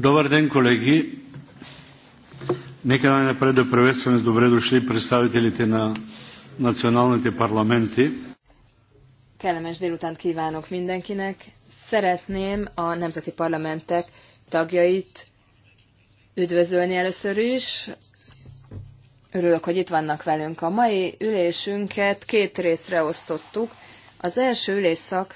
Добър ден, колеги! Нека най-напред да приветстваме с добре дошли представителите на националните парламенти. Kellemes délutánt kívánok mindenkinek. Szeretném a nemzeti parlamentek tagjait üdvözölni először is. Örülök, hogy itt vannak velünk. A mai ülésünket két részre osztottuk. Az első ülésszak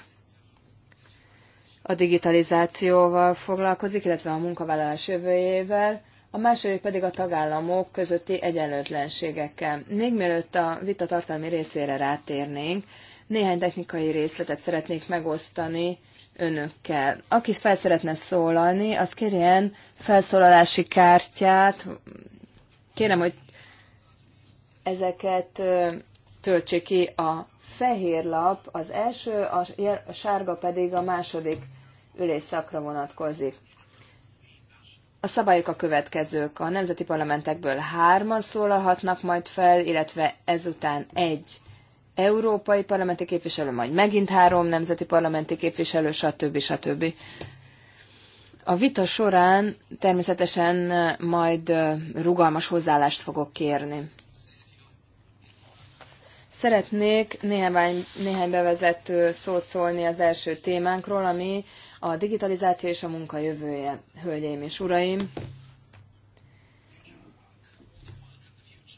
a digitalizációval foglalkozik, illetve a munkavállalás jövőjével, a második pedig a tagállamok közötti egyenlőtlenségekkel. Még mielőtt a vita tartalmi részére rátérnénk, néhány technikai részletet szeretnék megosztani önökkel. Aki fel szeretne szólalni, az kérjen felszólalási kártyát. Kérem, hogy ezeket töltsék ki a fehér lap az első, a sárga pedig a második ülésszakra vonatkozik. A szabályok a következők. A nemzeti parlamentekből hárman szólalhatnak majd fel, illetve ezután egy európai parlamenti képviselő, majd megint három nemzeti parlamenti képviselő, stb. stb. A vita során természetesen majd rugalmas hozzáállást fogok kérni. Szeretnék néhány, néhány bevezető szót szólni az első témánkról, ami a digitalizáció és a munka jövője, hölgyeim és uraim.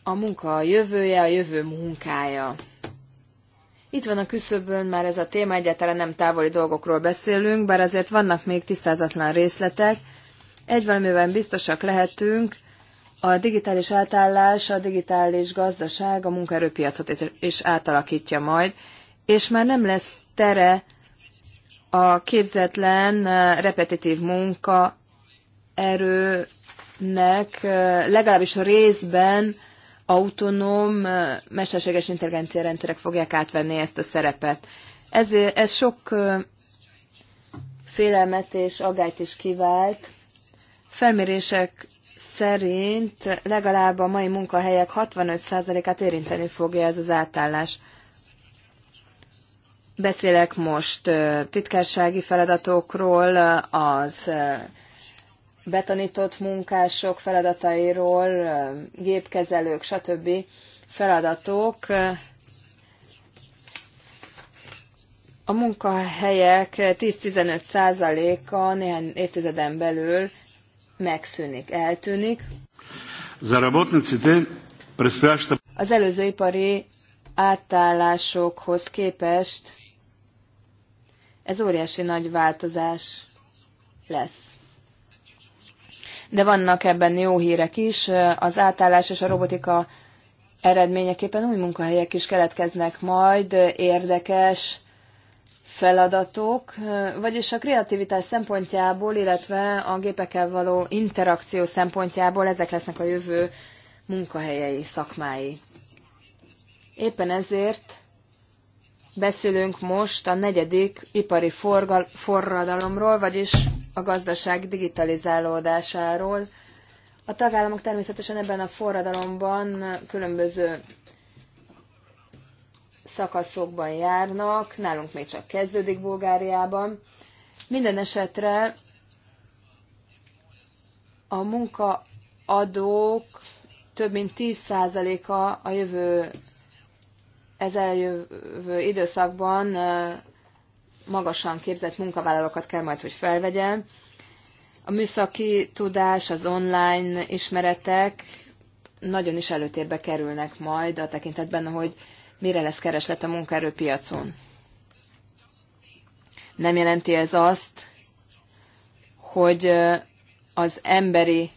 A munka a jövője, a jövő munkája. Itt van a küszöbön már ez a téma, egyáltalán nem távoli dolgokról beszélünk, bár azért vannak még tisztázatlan részletek. Egy valamiben biztosak lehetünk, a digitális átállás, a digitális gazdaság a munkaerőpiacot is átalakítja majd, és már nem lesz tere a képzetlen, repetitív munka erőnek legalábbis a részben autonóm, mesterséges intelligencia rendszerek fogják átvenni ezt a szerepet. Ez, ez sok félelmet és agályt is kivált. Felmérések szerint legalább a mai munkahelyek 65%-át érinteni fogja ez az átállás. Beszélek most titkársági feladatokról, az betanított munkások feladatairól, gépkezelők, stb. feladatok. A munkahelyek 10-15%-a néhány évtizeden belül megszűnik, eltűnik. Az előző ipari átállásokhoz képest ez óriási nagy változás lesz. De vannak ebben jó hírek is. Az átállás és a robotika eredményeképpen új munkahelyek is keletkeznek majd, érdekes feladatok, vagyis a kreativitás szempontjából, illetve a gépekkel való interakció szempontjából ezek lesznek a jövő munkahelyei, szakmái. Éppen ezért Beszélünk most a negyedik ipari forgal, forradalomról, vagyis a gazdaság digitalizálódásáról. A tagállamok természetesen ebben a forradalomban különböző szakaszokban járnak, nálunk még csak kezdődik Bulgáriában. Minden esetre a munkaadók több mint 10%-a a jövő ez eljövő időszakban magasan képzett munkavállalókat kell majd, hogy felvegye. A műszaki tudás, az online ismeretek nagyon is előtérbe kerülnek majd a tekintetben, hogy mire lesz kereslet a munkaerőpiacon. Nem jelenti ez azt, hogy az emberi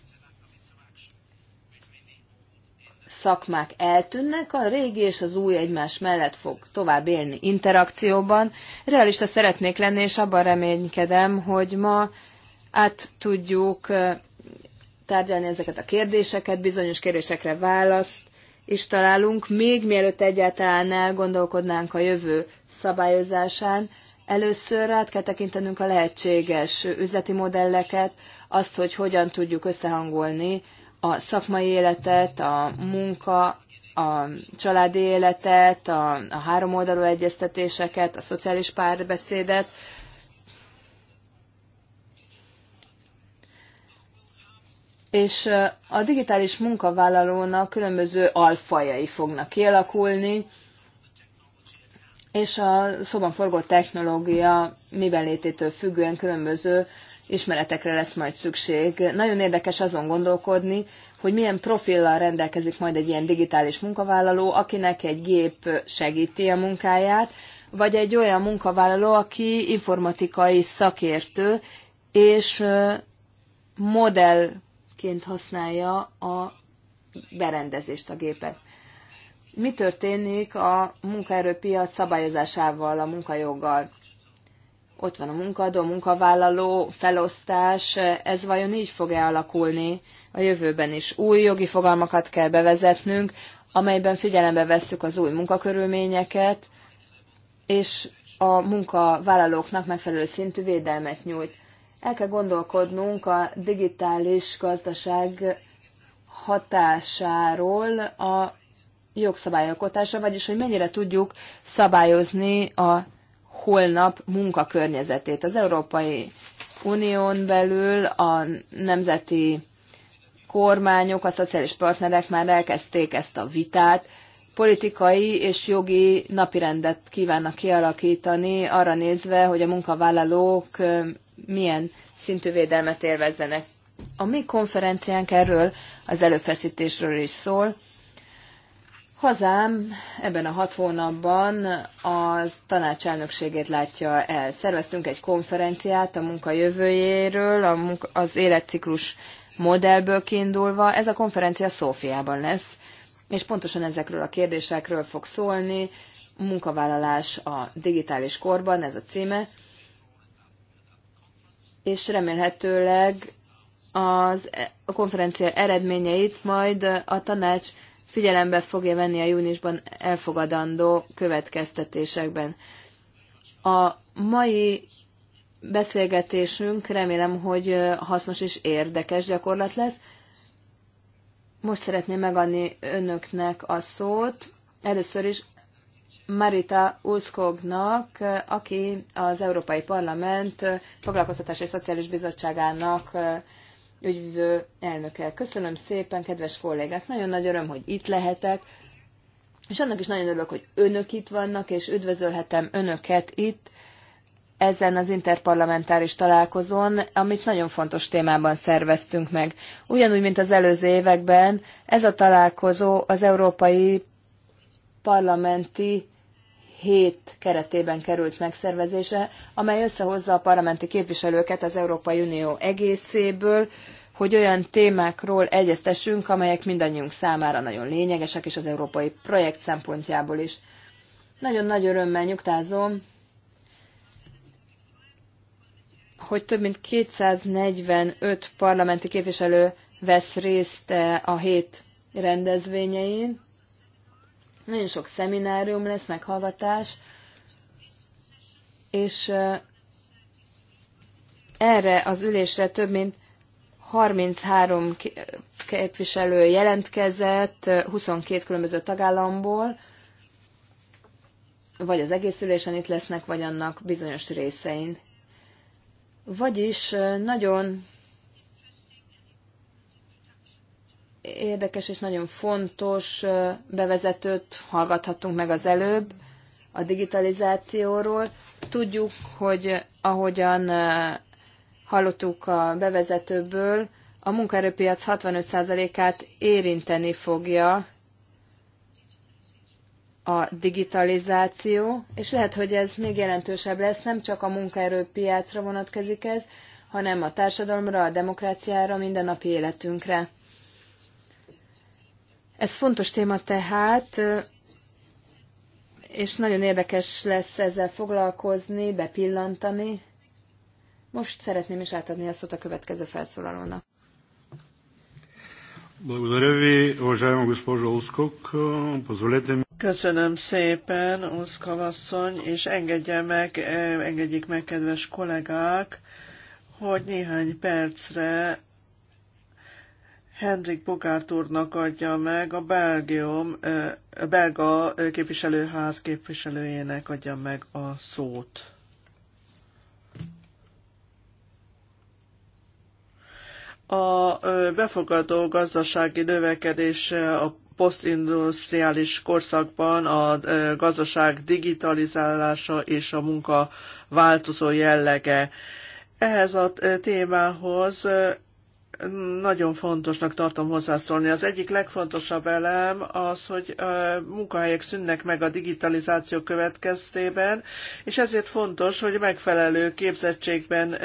szakmák eltűnnek, a régi és az új egymás mellett fog tovább élni interakcióban. Realista szeretnék lenni, és abban reménykedem, hogy ma át tudjuk tárgyalni ezeket a kérdéseket, bizonyos kérdésekre választ is találunk, még mielőtt egyáltalán elgondolkodnánk a jövő szabályozásán. Először át kell tekintenünk a lehetséges üzleti modelleket, azt, hogy hogyan tudjuk összehangolni a szakmai életet, a munka, a családi életet, a, a háromoldalú egyeztetéseket, a szociális párbeszédet. És a digitális munkavállalónak különböző alfajai fognak kialakulni, és a szoban forgó technológia miben lététől függően különböző ismeretekre lesz majd szükség. Nagyon érdekes azon gondolkodni, hogy milyen profillal rendelkezik majd egy ilyen digitális munkavállaló, akinek egy gép segíti a munkáját, vagy egy olyan munkavállaló, aki informatikai szakértő, és modellként használja a berendezést, a gépet. Mi történik a munkaerőpiac szabályozásával, a munkajoggal? Ott van a munkaadó, munkavállaló, felosztás, ez vajon így fog-e alakulni a jövőben is? Új jogi fogalmakat kell bevezetnünk, amelyben figyelembe vesszük az új munkakörülményeket, és a munkavállalóknak megfelelő szintű védelmet nyújt. El kell gondolkodnunk a digitális gazdaság hatásáról a jogszabályalkotásra, vagyis hogy mennyire tudjuk szabályozni a holnap munkakörnyezetét. Az Európai Unión belül a nemzeti kormányok, a szociális partnerek már elkezdték ezt a vitát, politikai és jogi napirendet kívánnak kialakítani, arra nézve, hogy a munkavállalók milyen szintű védelmet élvezzenek. A mi konferenciánk erről az előfeszítésről is szól, Hazám ebben a hat hónapban az tanácselnökségét látja el. Szerveztünk egy konferenciát a munka jövőjéről, a munka, az életciklus modellből kiindulva. Ez a konferencia Szófiában lesz, és pontosan ezekről a kérdésekről fog szólni. Munkavállalás a digitális korban, ez a címe. És remélhetőleg az, a konferencia eredményeit majd a tanács figyelembe fogja venni a júniusban elfogadandó következtetésekben. A mai beszélgetésünk remélem, hogy hasznos és érdekes gyakorlat lesz. Most szeretném megadni önöknek a szót. Először is Marita Uszkognak, aki az Európai Parlament foglalkoztatás és Szociális Bizottságának ügyvő elnöke. Köszönöm szépen, kedves kollégák, nagyon nagy öröm, hogy itt lehetek, és annak is nagyon örülök, hogy önök itt vannak, és üdvözölhetem önöket itt ezen az interparlamentáris találkozón, amit nagyon fontos témában szerveztünk meg. Ugyanúgy, mint az előző években, ez a találkozó az európai parlamenti hét keretében került megszervezése, amely összehozza a parlamenti képviselőket az Európai Unió egészéből, hogy olyan témákról egyeztessünk, amelyek mindannyiunk számára nagyon lényegesek, és az európai projekt szempontjából is. Nagyon nagy örömmel nyugtázom, hogy több mint 245 parlamenti képviselő vesz részt eh, a hét rendezvényein, nagyon sok szeminárium lesz, meghallgatás, és erre az ülésre több mint 33 képviselő jelentkezett 22 különböző tagállamból, vagy az egész ülésen itt lesznek, vagy annak bizonyos részein. Vagyis nagyon érdekes és nagyon fontos bevezetőt hallgathattunk meg az előbb a digitalizációról. Tudjuk, hogy ahogyan hallottuk a bevezetőből, a munkaerőpiac 65%-át érinteni fogja a digitalizáció, és lehet, hogy ez még jelentősebb lesz, nem csak a munkaerőpiacra vonatkozik ez, hanem a társadalomra, a demokráciára, mindennapi életünkre. Ez fontos téma tehát, és nagyon érdekes lesz ezzel foglalkozni, bepillantani. Most szeretném is átadni a szót a következő felszólalónak. Köszönöm szépen, Uszkov és engedje meg, eh, engedjék meg, kedves kollégák, hogy néhány percre Henrik Bogárt úrnak adja meg, a Belgium, a belga képviselőház képviselőjének adja meg a szót. A befogadó gazdasági növekedés a posztindustriális korszakban a gazdaság digitalizálása és a munka változó jellege. Ehhez a témához nagyon fontosnak tartom hozzászólni. Az egyik legfontosabb elem az, hogy munkahelyek szűnnek meg a digitalizáció következtében, és ezért fontos, hogy megfelelő képzettségben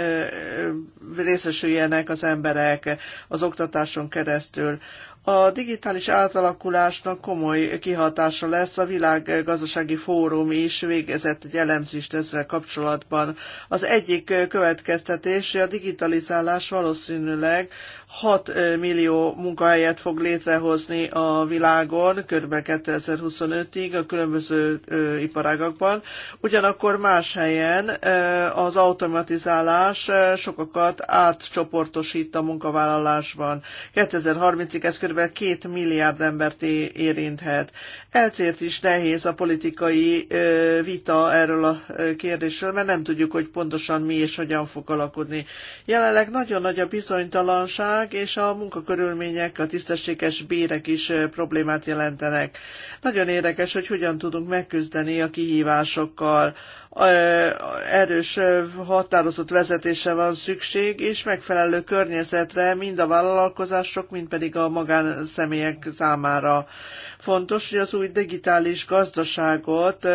részesüljenek az emberek az oktatáson keresztül. A digitális átalakulásnak komoly kihatása lesz, a világgazdasági fórum is végezett egy elemzést ezzel kapcsolatban. Az egyik következtetés, hogy a digitalizálás valószínűleg 6 millió munkahelyet fog létrehozni a világon, kb. 2025-ig a különböző iparágakban. Ugyanakkor más helyen az automatizálás sokakat átcsoportosít a munkavállalásban. 2030-ig ez kb kb. két milliárd embert érinthet. Ezért is nehéz a politikai vita erről a kérdésről, mert nem tudjuk, hogy pontosan mi és hogyan fog alakulni. Jelenleg nagyon nagy a bizonytalanság, és a munkakörülmények, a tisztességes bérek is problémát jelentenek. Nagyon érdekes, hogy hogyan tudunk megküzdeni a kihívásokkal erős határozott vezetése van szükség, és megfelelő környezetre mind a vállalkozások, mind pedig a magánszemélyek számára. Fontos, hogy az új digitális gazdaságot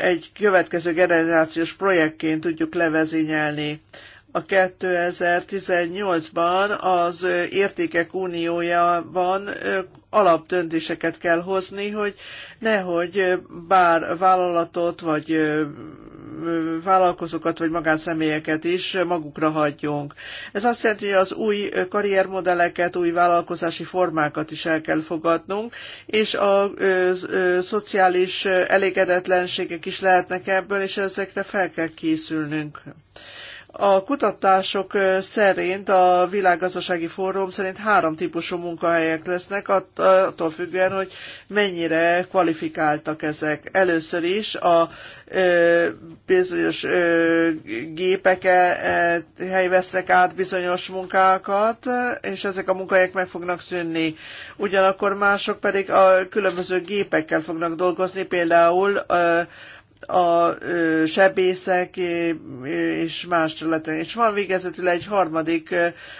egy következő generációs projektként tudjuk levezényelni a 2018-ban az Értékek Uniójában alapdöntéseket kell hozni, hogy nehogy bár vállalatot, vagy vállalkozókat, vagy magánszemélyeket is magukra hagyjunk. Ez azt jelenti, hogy az új karriermodelleket, új vállalkozási formákat is el kell fogadnunk, és a ö, ö, szociális elégedetlenségek is lehetnek ebből, és ezekre fel kell készülnünk. A kutatások szerint a világgazdasági fórum szerint három típusú munkahelyek lesznek, attól függően, hogy mennyire kvalifikáltak ezek. Először is a bizonyos e, e, hely vesznek át bizonyos munkákat, és ezek a munkahelyek meg fognak szűnni. Ugyanakkor mások pedig a különböző gépekkel fognak dolgozni, például a sebészek és más területen. És van végezetül egy harmadik,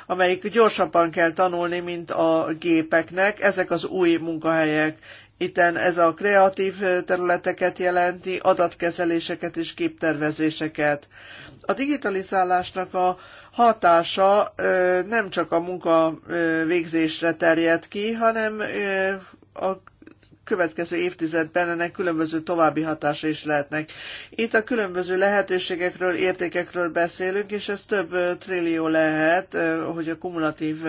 amelyik gyorsabban kell tanulni, mint a gépeknek. Ezek az új munkahelyek. Itten ez a kreatív területeket jelenti, adatkezeléseket és képtervezéseket. A digitalizálásnak a hatása nem csak a munka végzésre terjed ki, hanem a következő évtizedben ennek különböző további hatása is lehetnek. Itt a különböző lehetőségekről, értékekről beszélünk, és ez több trillió lehet, hogy a kumulatív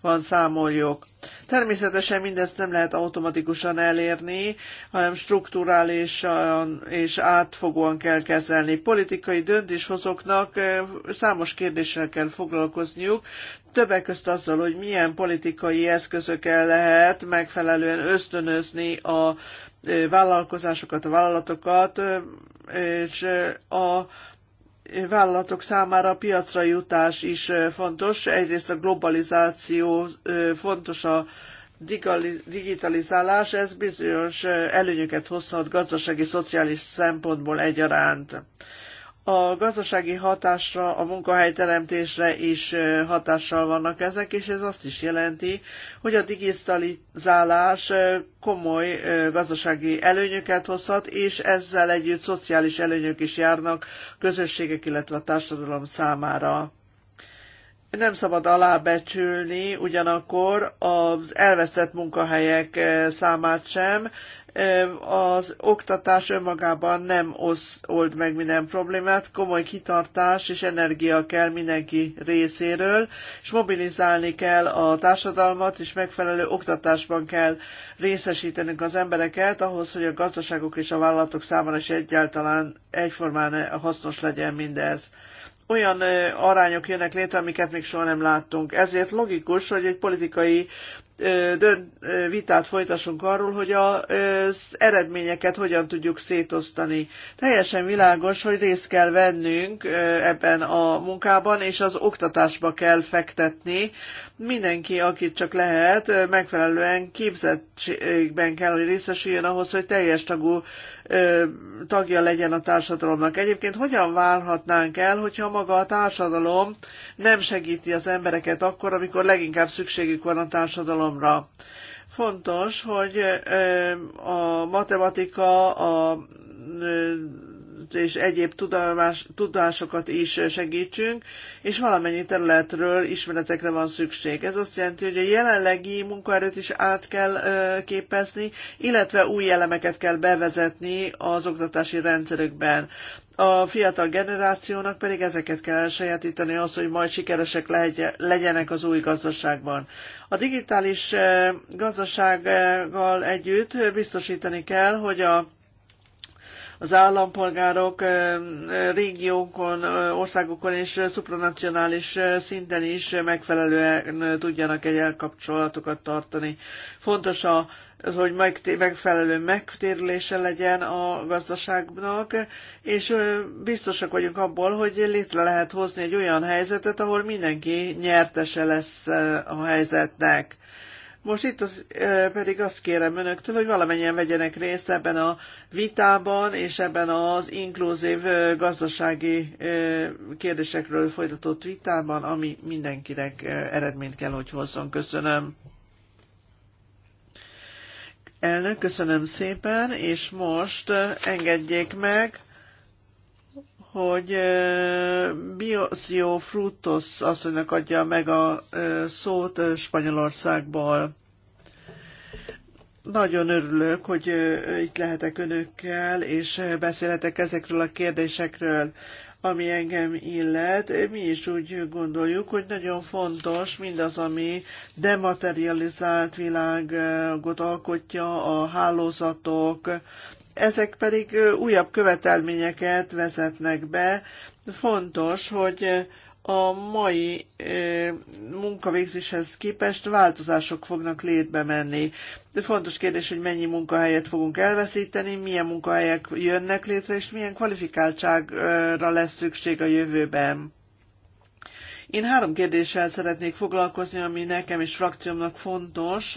van számoljuk. Természetesen mindezt nem lehet automatikusan elérni, hanem strukturálisan és átfogóan kell kezelni. Politikai döntéshozóknak eh, számos kérdéssel kell foglalkozniuk, többek közt azzal, hogy milyen politikai eszközökkel lehet megfelelően ösztönözni a eh, vállalkozásokat, a vállalatokat, eh, és a vállalatok számára a piacra jutás is fontos. Egyrészt a globalizáció fontos a digitalizálás, ez bizonyos előnyöket hozhat gazdasági, szociális szempontból egyaránt a gazdasági hatásra, a munkahelyteremtésre is hatással vannak ezek, és ez azt is jelenti, hogy a digitalizálás komoly gazdasági előnyöket hozhat, és ezzel együtt szociális előnyök is járnak közösségek, illetve a társadalom számára. Nem szabad alábecsülni ugyanakkor az elvesztett munkahelyek számát sem, az oktatás önmagában nem osz, old meg minden problémát, komoly kitartás és energia kell mindenki részéről, és mobilizálni kell a társadalmat, és megfelelő oktatásban kell részesítenünk az embereket ahhoz, hogy a gazdaságok és a vállalatok számára is egyáltalán egyformán hasznos legyen mindez olyan arányok jönnek létre, amiket még soha nem láttunk. Ezért logikus, hogy egy politikai vitát folytassunk arról, hogy az eredményeket hogyan tudjuk szétosztani. Teljesen világos, hogy részt kell vennünk ebben a munkában, és az oktatásba kell fektetni, mindenki, akit csak lehet, megfelelően képzettségben kell, hogy részesüljön ahhoz, hogy teljes tagú tagja legyen a társadalomnak. Egyébként hogyan várhatnánk el, hogyha maga a társadalom nem segíti az embereket akkor, amikor leginkább szükségük van a társadalomra? Fontos, hogy a matematika, a és egyéb tudomás, tudásokat is segítsünk, és valamennyi területről ismeretekre van szükség. Ez azt jelenti, hogy a jelenlegi munkaerőt is át kell képezni, illetve új elemeket kell bevezetni az oktatási rendszerükben. A fiatal generációnak pedig ezeket kell elsajátítani az, hogy majd sikeresek legyenek az új gazdaságban. A digitális gazdasággal együtt biztosítani kell, hogy a az állampolgárok régiókon, országokon és szupranacionális szinten is megfelelően tudjanak egy elkapcsolatokat tartani. Fontos a hogy megfelelő megtérülése legyen a gazdaságnak, és biztosak vagyunk abból, hogy létre lehet hozni egy olyan helyzetet, ahol mindenki nyertese lesz a helyzetnek. Most itt az, pedig azt kérem önöktől, hogy valamennyien vegyenek részt ebben a vitában és ebben az inkluzív gazdasági kérdésekről folytatott vitában, ami mindenkinek eredményt kell, hogy hozzon. Köszönöm. Elnök, köszönöm szépen, és most engedjék meg, hogy Biosio Frutos asszonynak adja meg a szót Spanyolországból. Nagyon örülök, hogy itt lehetek önökkel, és beszélhetek ezekről a kérdésekről, ami engem illet. Mi is úgy gondoljuk, hogy nagyon fontos mindaz, ami dematerializált világot alkotja, a hálózatok, ezek pedig újabb követelményeket vezetnek be. Fontos, hogy a mai munkavégzéshez képest változások fognak létbe menni. De fontos kérdés, hogy mennyi munkahelyet fogunk elveszíteni, milyen munkahelyek jönnek létre, és milyen kvalifikáltságra lesz szükség a jövőben. Én három kérdéssel szeretnék foglalkozni, ami nekem és frakciómnak fontos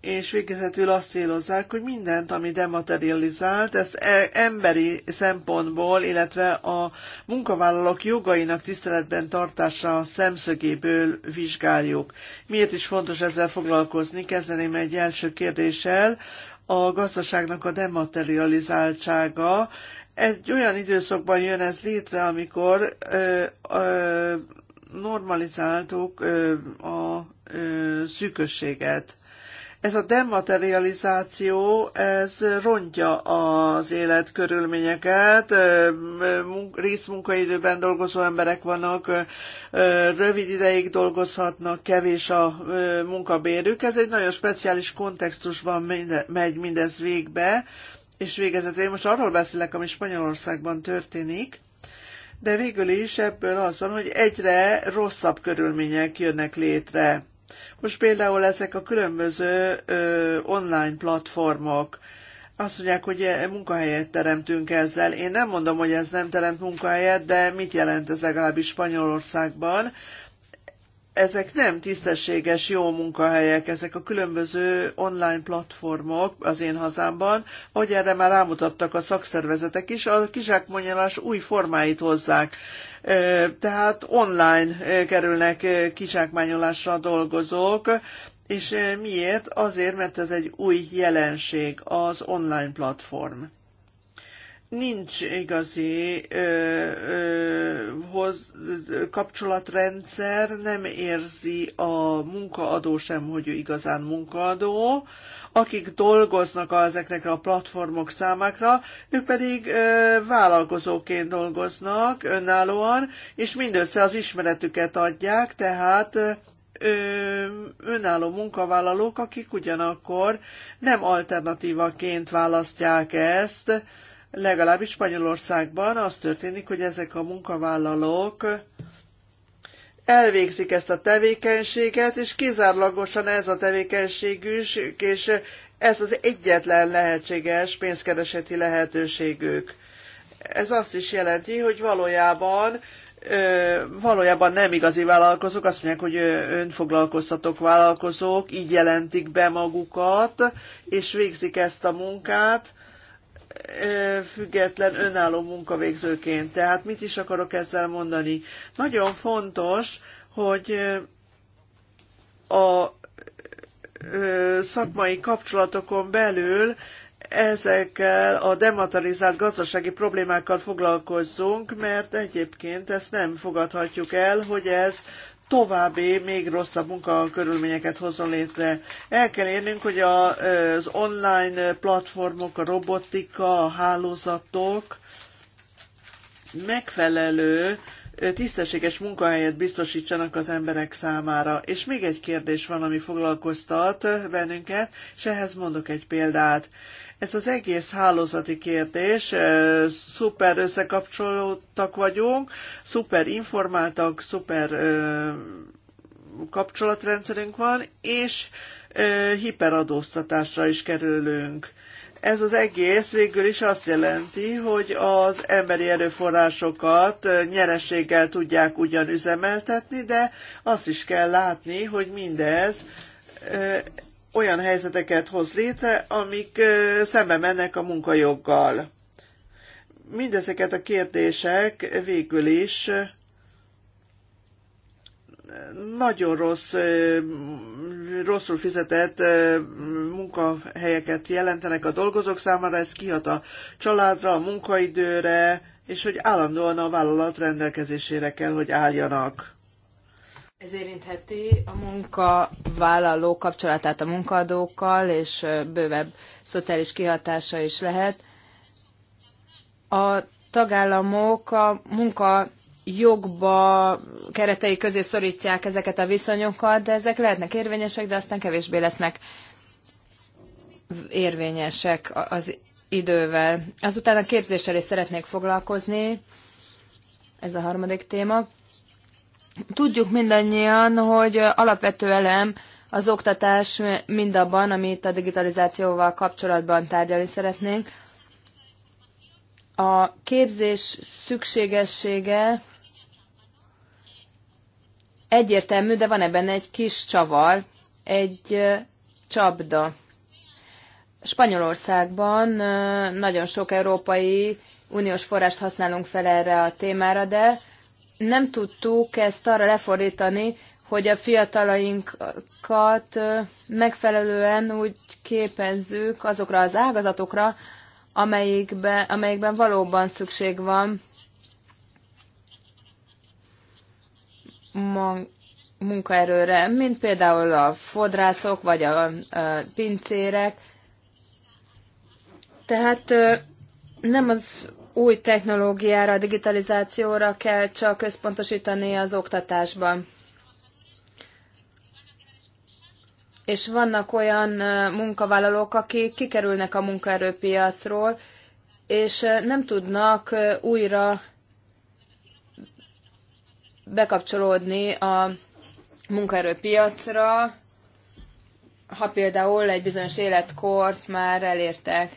és végezetül azt célozzák, hogy mindent, ami dematerializált, ezt e, emberi szempontból, illetve a munkavállalók jogainak tiszteletben tartása szemszögéből vizsgáljuk. Miért is fontos ezzel foglalkozni? Kezdeném egy első kérdéssel. A gazdaságnak a dematerializáltsága. Egy olyan időszakban jön ez létre, amikor ö, ö, normalizáltuk ö, a ö, szűkösséget ez a dematerializáció, ez rontja az életkörülményeket, részmunkaidőben dolgozó emberek vannak, rövid ideig dolgozhatnak, kevés a munkabérük. Ez egy nagyon speciális kontextusban megy mindez végbe, és végezetül én most arról beszélek, ami Spanyolországban történik, de végül is ebből az van, hogy egyre rosszabb körülmények jönnek létre most például ezek a különböző ö, online platformok, azt mondják, hogy e, munkahelyet teremtünk ezzel. Én nem mondom, hogy ez nem teremt munkahelyet, de mit jelent ez legalábbis Spanyolországban? Ezek nem tisztességes, jó munkahelyek, ezek a különböző online platformok az én hazámban, hogy erre már rámutattak a szakszervezetek is, a kizsákmányolás új formáit hozzák tehát online kerülnek kizsákmányolásra a dolgozók, és miért? Azért, mert ez egy új jelenség, az online platform nincs igazi ö, ö, hoz, kapcsolatrendszer, nem érzi a munkaadó sem, hogy ő igazán munkaadó. Akik dolgoznak ezeknek a platformok számákra, ők pedig ö, vállalkozóként dolgoznak önállóan, és mindössze az ismeretüket adják, tehát ö, önálló munkavállalók, akik ugyanakkor nem alternatívaként választják ezt, legalábbis Spanyolországban az történik, hogy ezek a munkavállalók elvégzik ezt a tevékenységet, és kizárlagosan ez a tevékenységük, és ez az egyetlen lehetséges pénzkereseti lehetőségük. Ez azt is jelenti, hogy valójában ö, valójában nem igazi vállalkozók, azt mondják, hogy önfoglalkoztatók vállalkozók, így jelentik be magukat, és végzik ezt a munkát, független, önálló munkavégzőként. Tehát mit is akarok ezzel mondani? Nagyon fontos, hogy a szakmai kapcsolatokon belül ezekkel a dematerializált gazdasági problémákkal foglalkozzunk, mert egyébként ezt nem fogadhatjuk el, hogy ez további, még rosszabb munkakörülményeket hozzon létre. El kell érnünk, hogy a az online platformok, a robotika, a hálózatok megfelelő, tisztességes munkahelyet biztosítsanak az emberek számára. És még egy kérdés van, ami foglalkoztat bennünket, és ehhez mondok egy példát. Ez az egész hálózati kérdés, szuper összekapcsolódtak vagyunk, szuper informáltak, szuper kapcsolatrendszerünk van, és hiperadóztatásra is kerülünk. Ez az egész végül is azt jelenti, hogy az emberi erőforrásokat nyereséggel tudják ugyan üzemeltetni, de azt is kell látni, hogy mindez olyan helyzeteket hoz létre, amik szembe mennek a munkajoggal. Mindezeket a kérdések végül is nagyon rossz, rosszul fizetett munkahelyeket jelentenek a dolgozók számára, ez kihat a családra, a munkaidőre, és hogy állandóan a vállalat rendelkezésére kell, hogy álljanak. Ez érintheti a munkavállaló kapcsolatát a munkadókkal, és bővebb szociális kihatása is lehet. A tagállamok a munka jogba keretei közé szorítják ezeket a viszonyokat, de ezek lehetnek érvényesek, de aztán kevésbé lesznek érvényesek az idővel. Azután a képzéssel is szeretnék foglalkozni, ez a harmadik téma. Tudjuk mindannyian, hogy alapvető elem az oktatás mindabban, amit a digitalizációval kapcsolatban tárgyalni szeretnénk. A képzés szükségessége egyértelmű, de van ebben egy kis csavar, egy csapda. Spanyolországban nagyon sok európai uniós forrást használunk fel erre a témára, de nem tudtuk ezt arra lefordítani, hogy a fiatalainkat megfelelően úgy képezzük azokra az ágazatokra, amelyikben, amelyikben valóban szükség van munkaerőre, mint például a fodrászok vagy a, a pincérek. Tehát nem az új technológiára, digitalizációra kell csak központosítani az oktatásban. És vannak olyan munkavállalók, akik kikerülnek a munkaerőpiacról, és nem tudnak újra bekapcsolódni a munkaerőpiacra, ha például egy bizonyos életkort már elértek.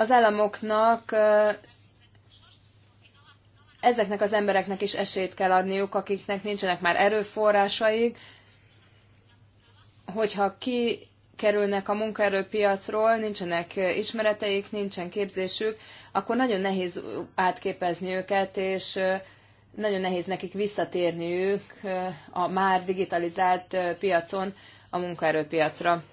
az államoknak ezeknek az embereknek is esélyt kell adniuk, akiknek nincsenek már erőforrásaik, hogyha ki kerülnek a munkaerőpiacról, nincsenek ismereteik, nincsen képzésük, akkor nagyon nehéz átképezni őket, és nagyon nehéz nekik visszatérniük a már digitalizált piacon a munkaerőpiacra.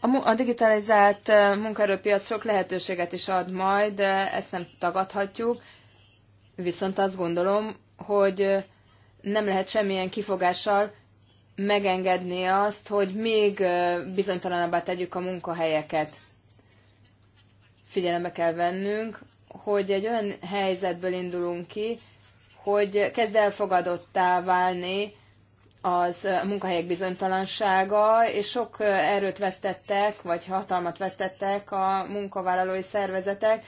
A, digitalizált munkaerőpiac sok lehetőséget is ad majd, ezt nem tagadhatjuk, viszont azt gondolom, hogy nem lehet semmilyen kifogással megengedni azt, hogy még bizonytalanabbá tegyük a munkahelyeket. Figyelembe kell vennünk, hogy egy olyan helyzetből indulunk ki, hogy kezd elfogadottá válni az munkahelyek bizonytalansága, és sok erőt vesztettek, vagy hatalmat vesztettek a munkavállalói szervezetek.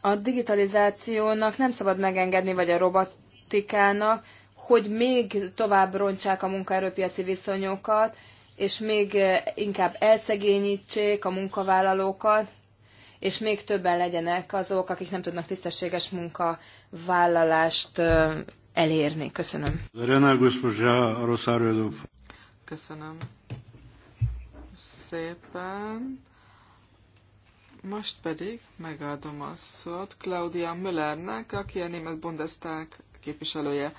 A digitalizációnak nem szabad megengedni, vagy a robotikának, hogy még tovább rontsák a munkaerőpiaci viszonyokat, és még inkább elszegényítsék a munkavállalókat, és még többen legyenek azok, akik nem tudnak tisztességes munkavállalást elérni. Köszönöm. Köszönöm szépen. Most pedig megadom a szót Claudia Müllernek, aki a német Bundestag képviselője.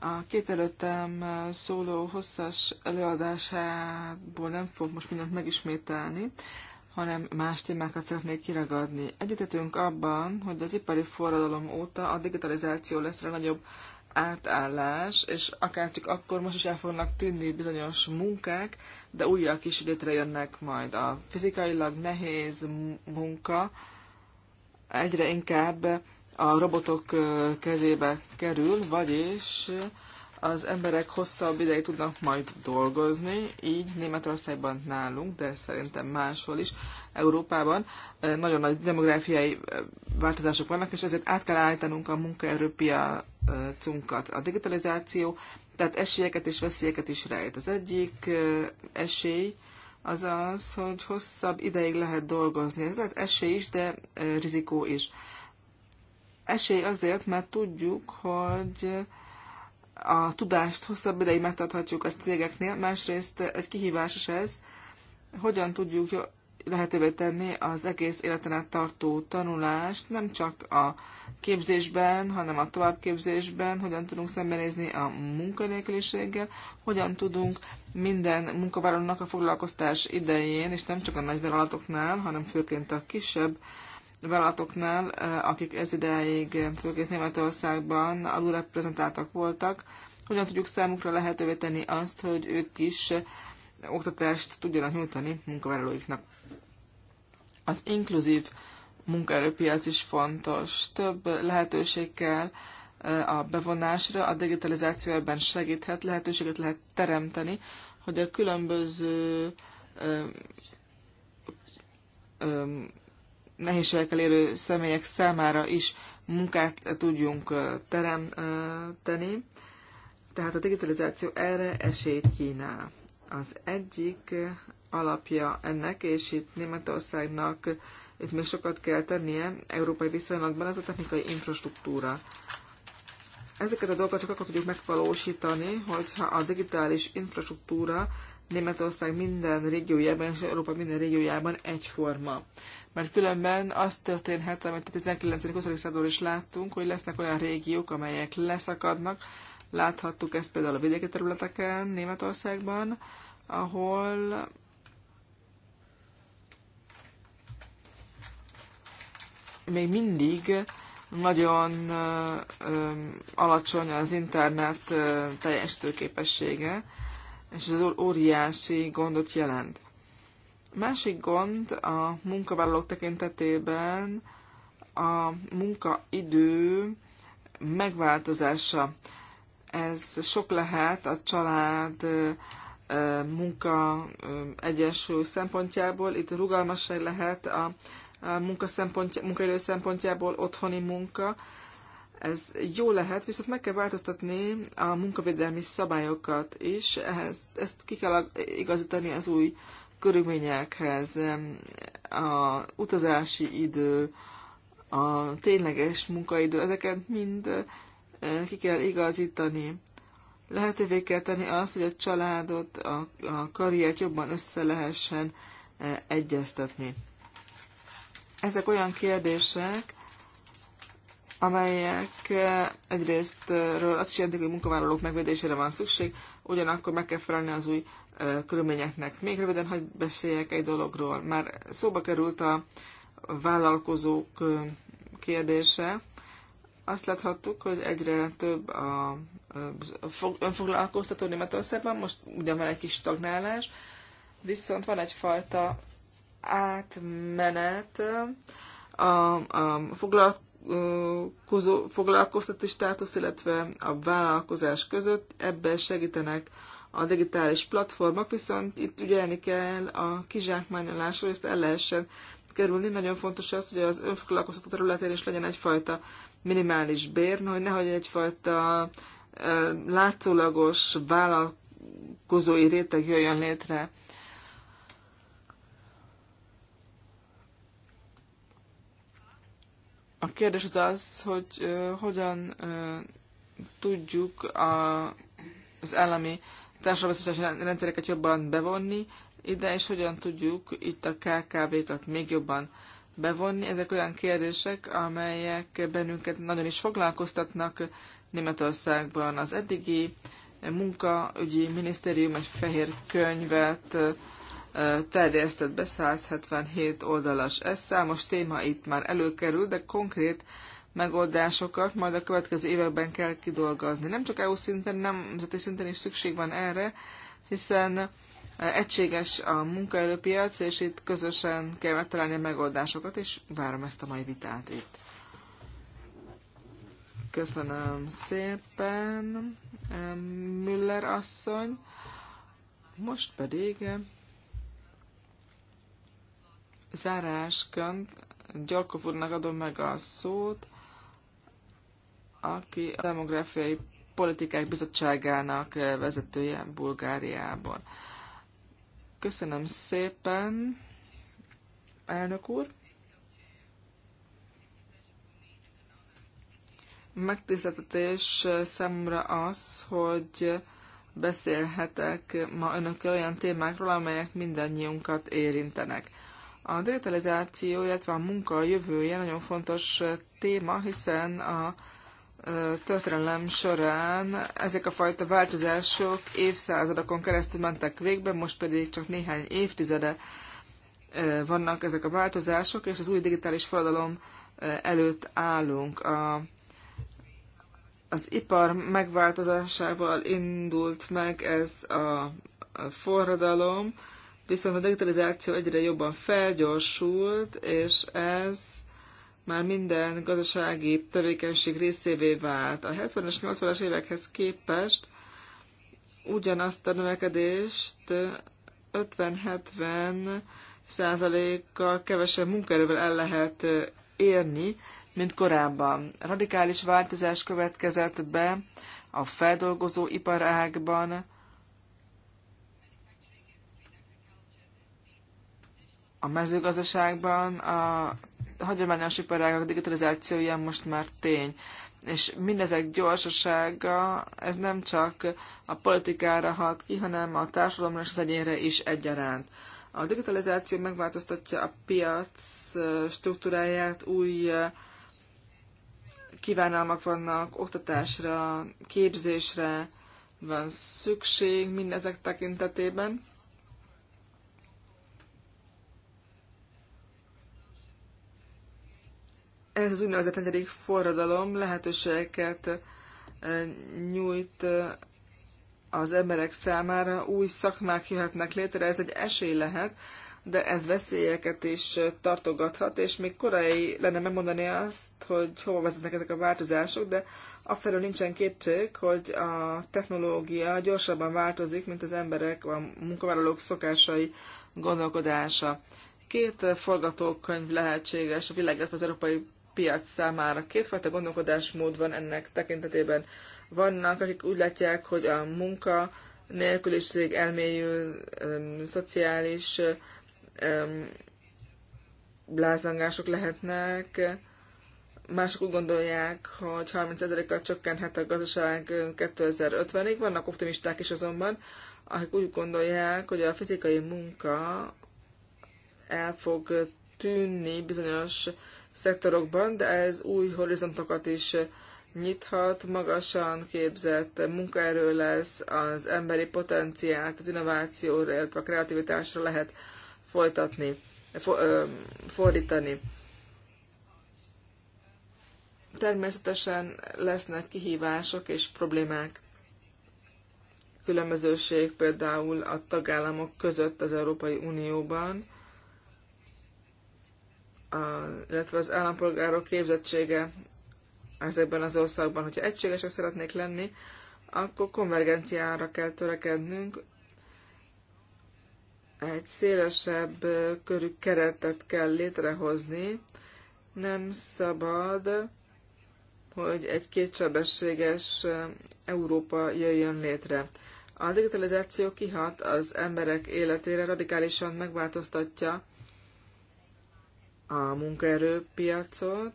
A két előttem szóló hosszas előadásából nem fog most mindent megismételni, hanem más témákat szeretnék kiragadni. Egyetetünk abban, hogy az ipari forradalom óta a digitalizáció lesz a nagyobb átállás, és akár csak akkor most is el fognak tűnni bizonyos munkák, de újak is létrejönnek majd. A fizikailag nehéz munka egyre inkább a robotok kezébe kerül, vagyis az emberek hosszabb ideig tudnak majd dolgozni, így Németországban nálunk, de szerintem máshol is, Európában nagyon nagy demográfiai változások vannak, és ezért át kell állítanunk a munkaerőpiacunkat. A digitalizáció, tehát esélyeket és veszélyeket is rejt. Az egyik esély az az, hogy hosszabb ideig lehet dolgozni. Ez lehet esély is, de rizikó is. Esély azért, mert tudjuk, hogy a tudást hosszabb ideig megtarthatjuk a cégeknél, másrészt egy kihívás is ez, hogyan tudjuk lehetővé tenni az egész életen át tartó tanulást, nem csak a képzésben, hanem a továbbképzésben, hogyan tudunk szembenézni a munkanélküliséggel, hogyan tudunk minden munkavállalónak a foglalkoztás idején, és nem csak a nagyvállalatoknál, hanem főként a kisebb vállalatoknál, eh, akik ez ideig eh, főként Németországban alulreprezentáltak voltak, hogyan tudjuk számukra lehetővé tenni azt, hogy ők is eh, oktatást tudjanak nyújtani munkavállalóiknak. Az inkluzív munkaerőpiac is fontos. Több lehetőség kell a bevonásra, a digitalizáció ebben segíthet, lehetőséget lehet teremteni, hogy a különböző nehézségekkel élő személyek számára is munkát tudjunk teremteni. Tehát a digitalizáció erre esélyt kínál. Az egyik alapja ennek, és itt Németországnak itt még sokat kell tennie európai viszonylatban, ez a technikai infrastruktúra. Ezeket a dolgokat csak akkor tudjuk megvalósítani, hogyha a digitális infrastruktúra Németország minden régiójában és Európa minden régiójában egyforma. Mert különben az történhet, amit a 19. 20. századról is láttunk, hogy lesznek olyan régiók, amelyek leszakadnak. Láthattuk ezt például a vidéki területeken Németországban, ahol még mindig nagyon alacsony az internet képessége és ez óriási gondot jelent. A másik gond a munkavállalók tekintetében a munkaidő megváltozása. Ez sok lehet a család munka egyensúly szempontjából, itt rugalmasság lehet a munka szempontja, munkaidő szempontjából, otthoni munka, ez jó lehet, viszont meg kell változtatni a munkavédelmi szabályokat is, ehhez, ezt ki kell igazítani az új körülményekhez, a utazási idő, a tényleges munkaidő, ezeket mind eh, ki kell igazítani. Lehetővé kell tenni azt, hogy a családot, a, a karriert jobban össze lehessen eh, egyeztetni. Ezek olyan kérdések, amelyek eh, egyrésztről azt is jelentik, hogy munkavállalók megvédésére van szükség, ugyanakkor meg kell felelni az új eh, körülményeknek. Még röviden hogy beszéljek egy dologról. Már szóba került a vállalkozók eh, kérdése. Azt láthattuk, hogy egyre több a önfoglalkoztató Németországban, most ugyan van egy kis stagnálás, viszont van egyfajta átmenet a, a foglalkozók foglalkozó, foglalkoztatási státusz, illetve a vállalkozás között. Ebben segítenek a digitális platformok, viszont itt ügyelni kell a kizsákmányolásról, hogy ezt el lehessen kerülni. Nagyon fontos az, hogy az önfoglalkoztató területén is legyen egyfajta minimális bér, hogy nehogy egyfajta látszólagos vállalkozói réteg jöjjön létre A kérdés az az, hogy uh, hogyan uh, tudjuk a, az állami társadalmi rendszereket jobban bevonni ide, és hogyan tudjuk itt a KKV-kat még jobban bevonni. Ezek olyan kérdések, amelyek bennünket nagyon is foglalkoztatnak Németországban. Az eddigi munkaügyi minisztérium egy fehér könyvet terjesztett be 177 oldalas. Ez számos téma itt már előkerül, de konkrét megoldásokat majd a következő években kell kidolgozni. Nem csak EU szinten, nemzeti szinten is szükség van erre, hiszen eh, egységes a munkaerőpiac, és itt közösen kell megtalálni a megoldásokat, és várom ezt a mai vitát itt. Köszönöm szépen, eh, Müller asszony. Most pedig eh, zárásként Gyalkov úrnak adom meg a szót, aki a demográfiai politikák bizottságának vezetője Bulgáriában. Köszönöm szépen, elnök úr! Megtiszteltetés számomra az, hogy beszélhetek ma önökkel olyan témákról, amelyek mindannyiunkat érintenek. A digitalizáció, illetve a munka a jövője nagyon fontos téma, hiszen a történelem során ezek a fajta változások évszázadokon keresztül mentek végbe, most pedig csak néhány évtizede vannak ezek a változások, és az új digitális forradalom előtt állunk. A, az ipar megváltozásával indult meg ez a forradalom, viszont a digitalizáció egyre jobban felgyorsult, és ez már minden gazdasági tevékenység részévé vált. A 70-es, 80-as évekhez képest ugyanazt a növekedést 50-70 százalékkal kevesebb munkaerővel el lehet érni, mint korábban. Radikális változás következett be a feldolgozó iparágban, a mezőgazdaságban a hagyományos iparágak digitalizációja most már tény. És mindezek gyorsasága, ez nem csak a politikára hat ki, hanem a társadalomra és az egyénre is egyaránt. A digitalizáció megváltoztatja a piac struktúráját, új kívánalmak vannak oktatásra, képzésre, van szükség mindezek tekintetében ez az úgynevezett negyedik forradalom lehetőségeket eh, nyújt eh, az emberek számára, új szakmák jöhetnek létre, ez egy esély lehet, de ez veszélyeket is eh, tartogathat, és még korai lenne megmondani azt, hogy hova vezetnek ezek a változások, de afelől nincsen kétség, hogy a technológia gyorsabban változik, mint az emberek, a munkavállalók szokásai, gondolkodása. Két forgatókönyv lehetséges a világ, az európai piac számára. Kétfajta gondolkodásmód van ennek tekintetében. Vannak, akik úgy látják, hogy a munka nélküliség elmélyül, öm, szociális öm, blázangások lehetnek. Mások úgy gondolják, hogy 30%-kal csökkenhet a gazdaság 2050-ig. Vannak optimisták is azonban, akik úgy gondolják, hogy a fizikai munka el fog tűnni bizonyos szektorokban, de ez új horizontokat is nyithat, magasan képzett munkaerő lesz, az emberi potenciált, az innovációra, illetve a kreativitásra lehet folytatni, for, fordítani. Természetesen lesznek kihívások és problémák. Különbözőség például a tagállamok között az Európai Unióban, a, illetve az állampolgárok képzettsége ezekben az országban, hogyha egységesek szeretnék lenni, akkor konvergenciára kell törekednünk, egy szélesebb körű keretet kell létrehozni, nem szabad, hogy egy kétsebességes Európa jöjjön létre. A digitalizáció kihat az emberek életére, radikálisan megváltoztatja a munkaerőpiacot,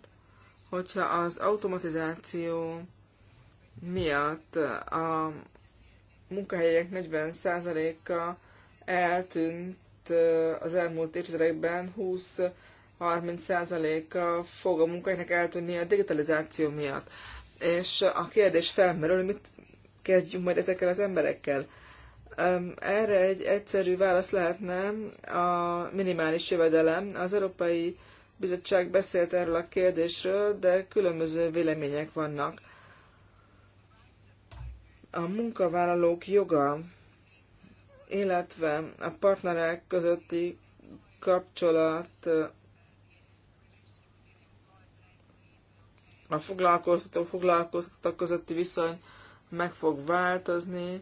hogyha az automatizáció miatt a munkahelyek 40%-a eltűnt az elmúlt évtizedekben, 20-30%-a fog a munkahelynek eltűnni a digitalizáció miatt. És a kérdés felmerül, mit kezdjünk majd ezekkel az emberekkel. Erre egy egyszerű válasz lehetne a minimális jövedelem. Az Európai Bizottság beszélt erről a kérdésről, de különböző vélemények vannak. A munkavállalók joga, illetve a partnerek közötti kapcsolat a foglalkoztató foglalkoztatók közötti viszony meg fog változni,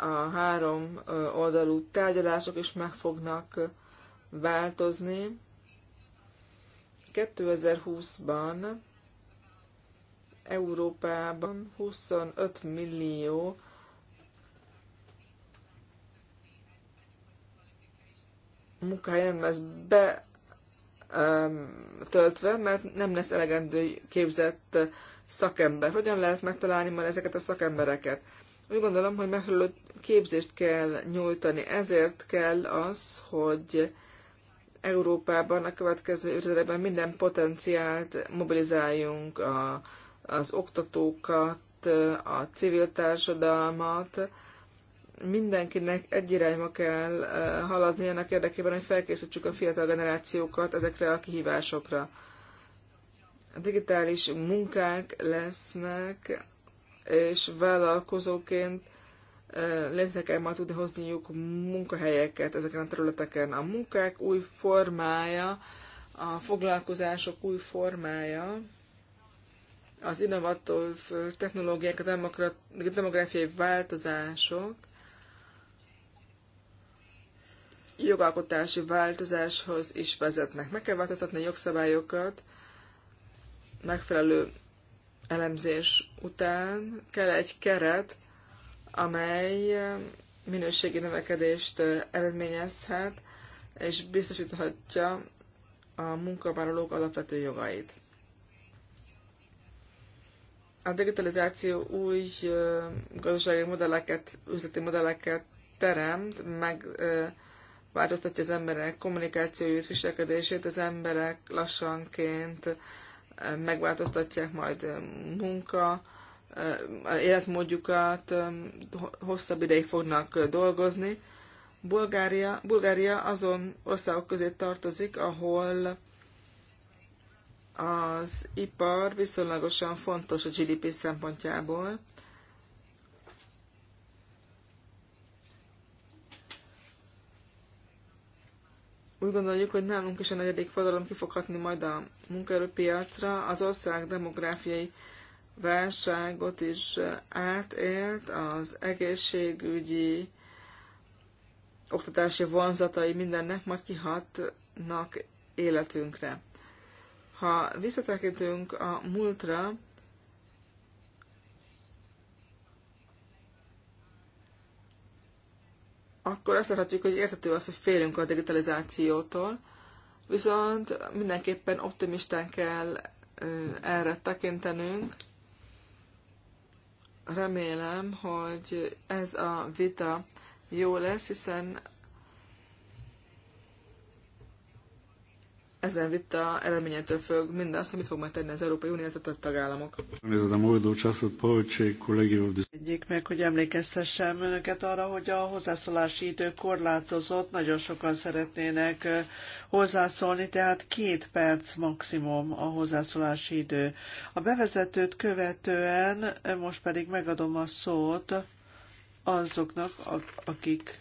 a három oldalú tárgyalások is meg fognak változni. 2020-ban Európában 25 millió munkahelyen lesz betöltve, mert nem lesz elegendő képzett szakember. Hogyan lehet megtalálni majd ezeket a szakembereket? Úgy gondolom, hogy megfelelő képzést kell nyújtani. Ezért kell az, hogy Európában a következő évtizedekben minden potenciált mobilizáljunk, a, az oktatókat, a civil társadalmat. Mindenkinek egy irányba kell eh, haladni annak érdekében, hogy felkészítsük a fiatal generációkat ezekre a kihívásokra. A digitális munkák lesznek, és vállalkozóként létre kell majd tudni hozniuk munkahelyeket ezeken a területeken. A munkák új formája, a foglalkozások új formája, az innovatív technológiák, a demográfiai változások, jogalkotási változáshoz is vezetnek. Meg kell változtatni a jogszabályokat megfelelő elemzés után kell egy keret, amely minőségi növekedést eredményezhet, és biztosíthatja a munkavállalók alapvető jogait. A digitalizáció új gazdasági modelleket, üzleti modelleket teremt, meg változtatja az emberek kommunikációját, viselkedését, az emberek lassanként megváltoztatják majd munka, életmódjukat, hosszabb ideig fognak dolgozni. Bulgária, Bulgária azon országok közé tartozik, ahol az ipar viszonylagosan fontos a GDP szempontjából, Úgy gondoljuk, hogy nálunk is a negyedik forradalom kifoghatni majd a munkaerőpiacra. Az ország demográfiai válságot is átélt, az egészségügyi, oktatási vonzatai mindennek majd kihatnak életünkre. Ha visszatekintünk a múltra, akkor azt mondhatjuk, hogy érthető az, hogy félünk a digitalizációtól, viszont mindenképpen optimistán kell erre tekintenünk. Remélem, hogy ez a vita jó lesz, hiszen ezen vita eredményétől függ mindaz, amit fog majd tenni az Európai Unió, illetve a tagállamok. Egyik meg, hogy emlékeztessem önöket arra, hogy a hozzászólási idő korlátozott, nagyon sokan szeretnének hozzászólni, tehát két perc maximum a hozzászólási idő. A bevezetőt követően most pedig megadom a szót azoknak, akik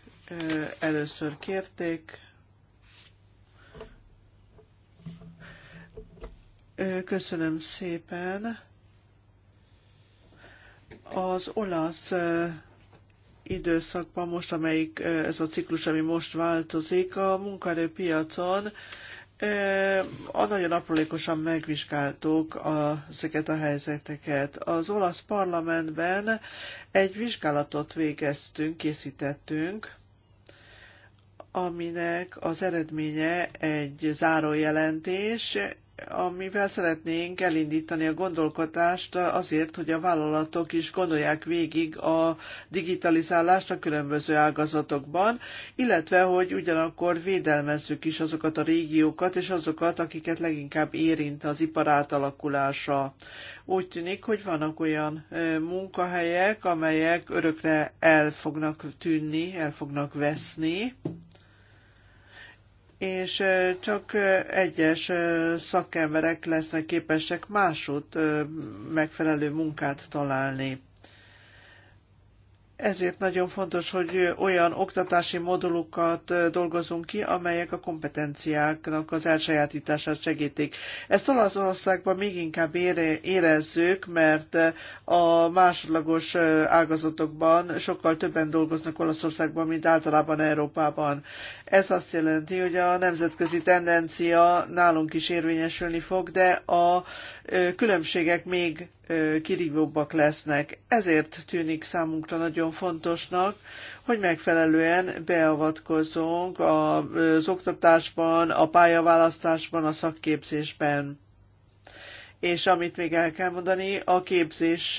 először kérték. Köszönöm szépen. Az olasz időszakban most, amelyik ez a ciklus, ami most változik, a munkaerőpiacon a nagyon aprólékosan megvizsgáltuk a, ezeket a helyzeteket. Az olasz parlamentben egy vizsgálatot végeztünk, készítettünk, aminek az eredménye egy zárójelentés, amivel szeretnénk elindítani a gondolkodást azért, hogy a vállalatok is gondolják végig a digitalizálást a különböző ágazatokban, illetve hogy ugyanakkor védelmezzük is azokat a régiókat és azokat, akiket leginkább érint az ipar átalakulása. Úgy tűnik, hogy vannak olyan munkahelyek, amelyek örökre el fognak tűnni, el fognak veszni, és csak egyes szakemberek lesznek képesek másút megfelelő munkát találni. Ezért nagyon fontos, hogy olyan oktatási modulokat dolgozunk ki, amelyek a kompetenciáknak az elsajátítását segítik. Ezt Olaszországban még inkább érezzük, mert a másodlagos ágazatokban sokkal többen dolgoznak Olaszországban, mint általában Európában. Ez azt jelenti, hogy a nemzetközi tendencia nálunk is érvényesülni fog, de a különbségek még kirívóbbak lesznek. Ezért tűnik számunkra nagyon fontosnak, hogy megfelelően beavatkozzunk az oktatásban, a pályaválasztásban, a szakképzésben és amit még el kell mondani, a képzés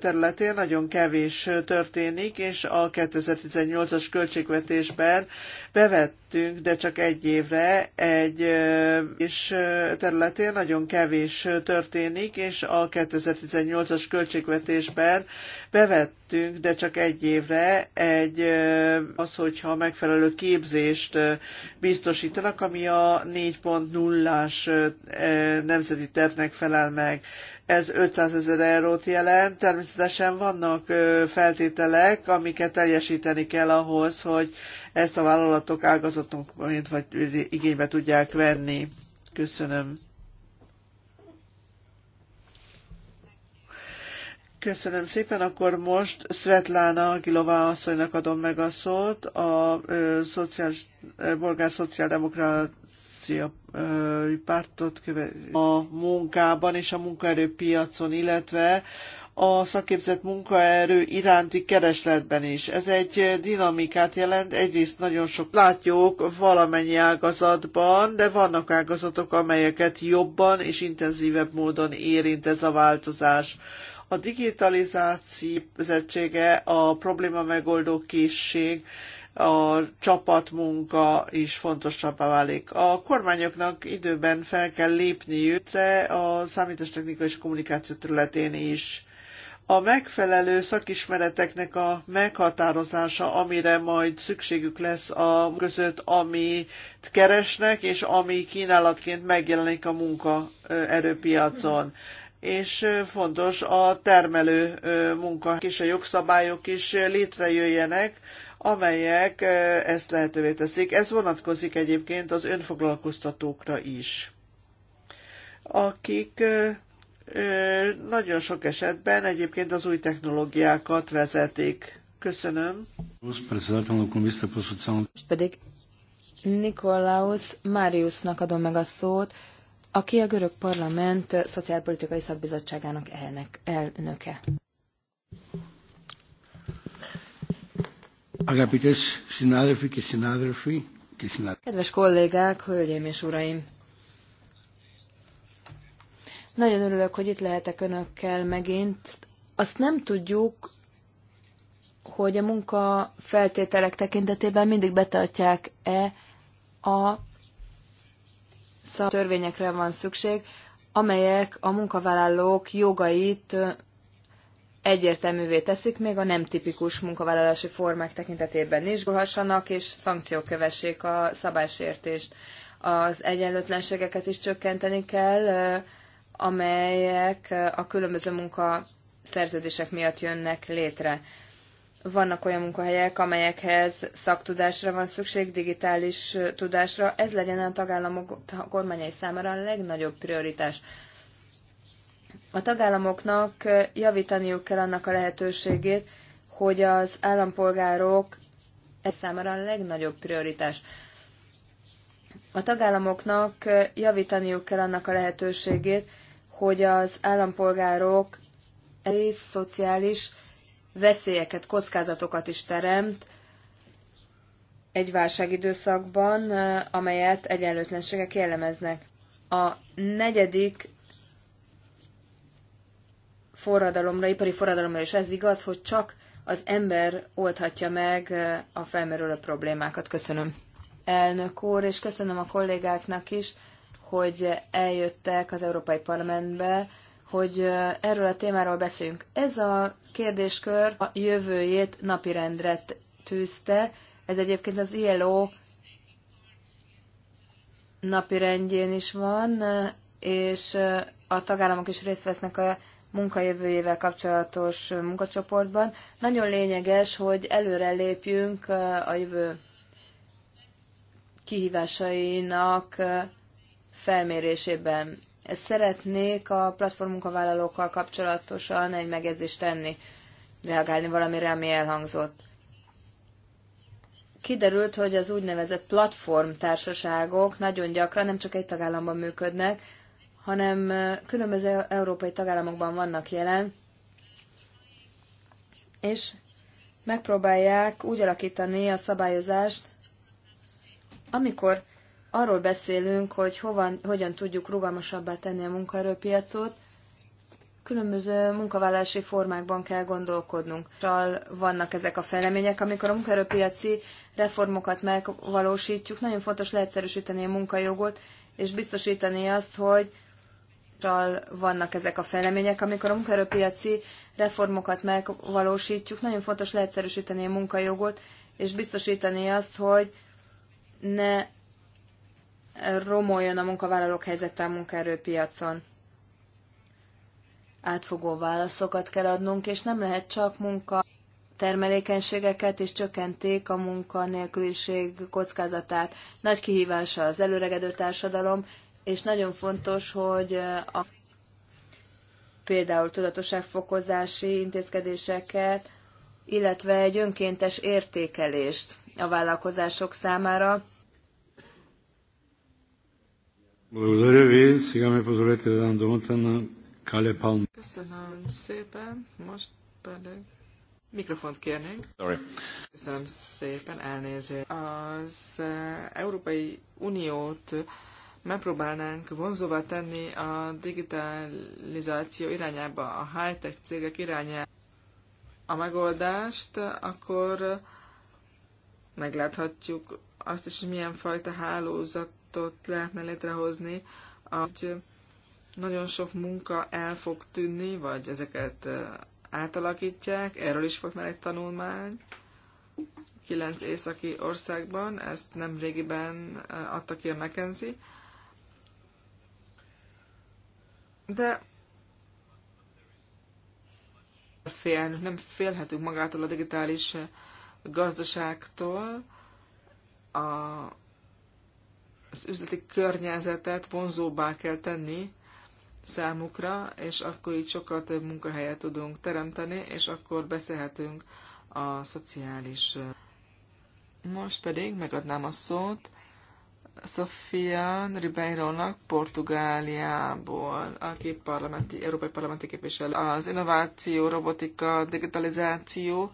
területén nagyon kevés történik, és a 2018-as költségvetésben bevettünk, de csak egy évre egy és területén nagyon kevés történik, és a 2018-as költségvetésben bevettünk, kértünk, de csak egy évre, egy az, hogyha megfelelő képzést biztosítanak, ami a 4.0-as nemzeti tervnek felel meg. Ez 500 ezer eurót jelent. Természetesen vannak feltételek, amiket teljesíteni kell ahhoz, hogy ezt a vállalatok ágazatunk vagy igénybe tudják venni. Köszönöm. Köszönöm szépen, akkor most Svetlana Gilová asszonynak adom meg a szót, a szociális, bolgár szociáldemokrácia pártot követ, a munkában és a munkaerőpiacon, illetve a szakképzett munkaerő iránti keresletben is. Ez egy dinamikát jelent, egyrészt nagyon sok látjuk valamennyi ágazatban, de vannak ágazatok, amelyeket jobban és intenzívebb módon érint ez a változás. A digitalizációzettsége, a probléma megoldó készség, a csapatmunka is fontosabbá válik. A kormányoknak időben fel kell lépniük a számítástechnika és kommunikáció területén is a megfelelő szakismereteknek a meghatározása, amire majd szükségük lesz a között, amit keresnek, és ami kínálatként megjelenik a munkaerőpiacon és fontos a termelő munka és a jogszabályok is létrejöjjenek, amelyek ezt lehetővé teszik. Ez vonatkozik egyébként az önfoglalkoztatókra is, akik nagyon sok esetben egyébként az új technológiákat vezetik. Köszönöm. Most pedig Nikolaus Máriusnak adom meg a szót, aki a görög parlament szociálpolitikai szakbizottságának elnök, elnöke. Kedves kollégák, hölgyeim és uraim! Nagyon örülök, hogy itt lehetek önökkel megint. Azt nem tudjuk, hogy a munka feltételek tekintetében mindig betartják-e a törvényekre van szükség, amelyek a munkavállalók jogait egyértelművé teszik, még a nem tipikus munkavállalási formák tekintetében is gulhassanak, és szankciók kövessék a szabásértést. Az egyenlőtlenségeket is csökkenteni kell, amelyek a különböző munkaszerződések miatt jönnek létre vannak olyan munkahelyek, amelyekhez szaktudásra van szükség, digitális tudásra. Ez legyen a tagállamok kormányai számára a legnagyobb prioritás. A tagállamoknak javítaniuk kell annak a lehetőségét, hogy az állampolgárok ez számára a legnagyobb prioritás. A tagállamoknak javítaniuk kell annak a lehetőségét, hogy az állampolgárok rész szociális veszélyeket, kockázatokat is teremt egy válságidőszakban, amelyet egyenlőtlenségek jellemeznek. A negyedik forradalomra, ipari forradalomra is ez igaz, hogy csak az ember oldhatja meg a felmerülő problémákat. Köszönöm. Elnök úr, és köszönöm a kollégáknak is, hogy eljöttek az Európai Parlamentbe, hogy erről a témáról beszéljünk. Ez a kérdéskör a jövőjét napirendre tűzte. Ez egyébként az ILO napirendjén is van, és a tagállamok is részt vesznek a munkajövőjével kapcsolatos munkacsoportban. Nagyon lényeges, hogy előre lépjünk a jövő kihívásainak felmérésében. Szeretnék a platformunkavállalókkal kapcsolatosan egy megjegyzést tenni, reagálni valamire, ami elhangzott. Kiderült, hogy az úgynevezett platformtársaságok nagyon gyakran nem csak egy tagállamban működnek, hanem különböző európai tagállamokban vannak jelen, és megpróbálják úgy alakítani a szabályozást, amikor arról beszélünk, hogy hova, hogyan tudjuk rugalmasabbá tenni a munkaerőpiacot, különböző munkavállalási formákban kell gondolkodnunk. Csal vannak ezek a fejlemények, amikor a munkaerőpiaci reformokat megvalósítjuk, nagyon fontos leegyszerűsíteni a munkajogot, és biztosítani azt, hogy Csal vannak ezek a fejlemények, amikor a munkaerőpiaci reformokat megvalósítjuk, nagyon fontos leegyszerűsíteni a munkajogot, és biztosítani azt, hogy ne romoljon a munkavállalók helyzete a munkaerőpiacon. Átfogó válaszokat kell adnunk, és nem lehet csak munka termelékenységeket, és csökkenték a munkanélküliség kockázatát. Nagy kihívása az előregedő társadalom, és nagyon fontos, hogy a például tudatosságfokozási intézkedéseket, illetve egy önkéntes értékelést a vállalkozások számára, Köszönöm szépen, most pedig mikrofont kérnénk. Sorry. Köszönöm szépen, elnézést. Az eh, Európai Uniót megpróbálnánk vonzóvá tenni a digitalizáció irányába, a high-tech cégek irányába a megoldást, akkor megláthatjuk azt is, hogy milyen fajta hálózat kapcsolatot lehetne létrehozni, hogy nagyon sok munka el fog tűnni, vagy ezeket átalakítják. Erről is volt már egy tanulmány. Kilenc északi országban, ezt nem régiben adta ki a McKenzie. De fél, nem félhetünk magától a digitális gazdaságtól, a az üzleti környezetet vonzóbbá kell tenni számukra, és akkor így sokkal több munkahelyet tudunk teremteni, és akkor beszélhetünk a szociális. Most pedig megadnám a szót Sofia Ribeiro-nak Portugáliából, aki parlamenti, európai parlamenti képviselő. Az innováció, robotika, digitalizáció,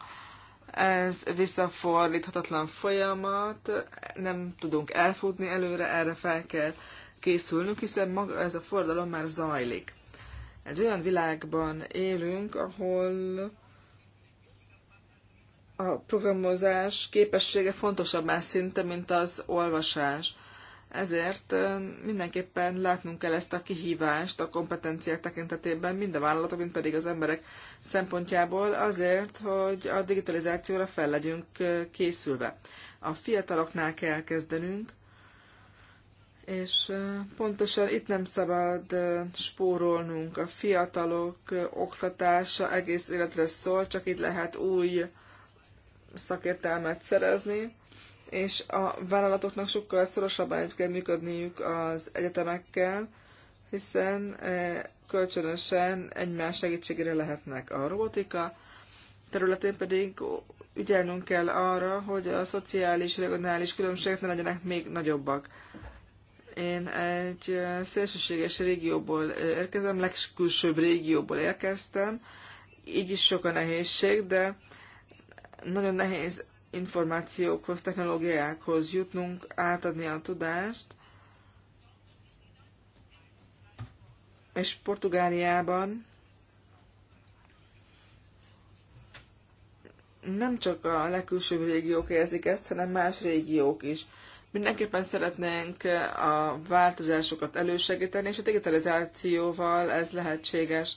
ez visszafordíthatatlan folyamat, nem tudunk elfutni előre, erre fel kell készülnünk, hiszen maga ez a fordalom már zajlik. Egy olyan világban élünk, ahol a programozás képessége fontosabb már szinte, mint az olvasás ezért mindenképpen látnunk kell ezt a kihívást a kompetenciák tekintetében, mind a vállalatok, mind pedig az emberek szempontjából, azért, hogy a digitalizációra fel legyünk készülve. A fiataloknál kell kezdenünk, és pontosan itt nem szabad spórolnunk. A fiatalok oktatása egész életre szól, csak itt lehet új szakértelmet szerezni, és a vállalatoknak sokkal szorosabban együtt kell működniük az egyetemekkel, hiszen eh, kölcsönösen egymás segítségére lehetnek. A robotika területén pedig ügyelnünk kell arra, hogy a szociális, regionális különbségek ne legyenek még nagyobbak. Én egy eh, szélsőséges régióból eh, érkezem, legkülsőbb régióból érkeztem, így is sok a nehézség, de nagyon nehéz információkhoz, technológiákhoz jutnunk, átadni a tudást. És Portugáliában nem csak a legkülső régiók érzik ezt, hanem más régiók is. Mindenképpen szeretnénk a változásokat elősegíteni, és a digitalizációval ez lehetséges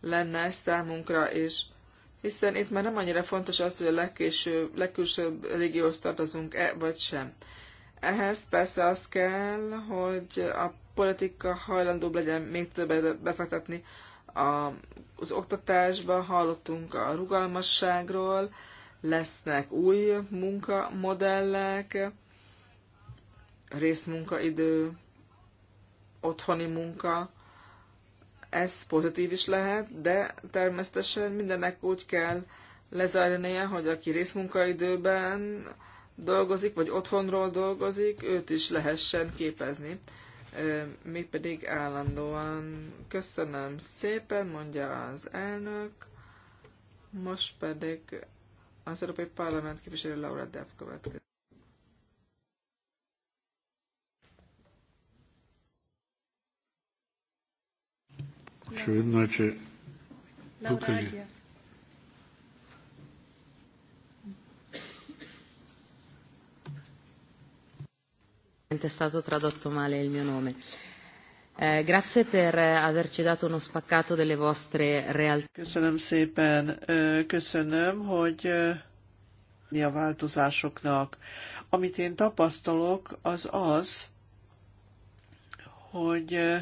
lenne számunkra is hiszen itt már nem annyira fontos az, hogy a legkésőbb, legkülsőbb régióhoz tartozunk-e, vagy sem. Ehhez persze az kell, hogy a politika hajlandóbb legyen még többet befektetni a, az oktatásba, hallottunk a rugalmasságról, lesznek új munkamodellek, részmunkaidő, otthoni munka, ez pozitív is lehet, de természetesen mindennek úgy kell lezárnia, hogy aki részmunkaidőben dolgozik, vagy otthonról dolgozik, őt is lehessen képezni. Mi pedig állandóan köszönöm szépen, mondja az elnök, most pedig az Európai Parlament képviselő Laura Depp következik. Очевидно е, че тук е. È stato tradotto male il mio nome. Eh, grazie per eh, averci dato uno spaccato delle vostre realtà. Köszönöm szépen, eh, köszönöm, hogy eh, a változásoknak. Amit én tapasztalok, az az, hogy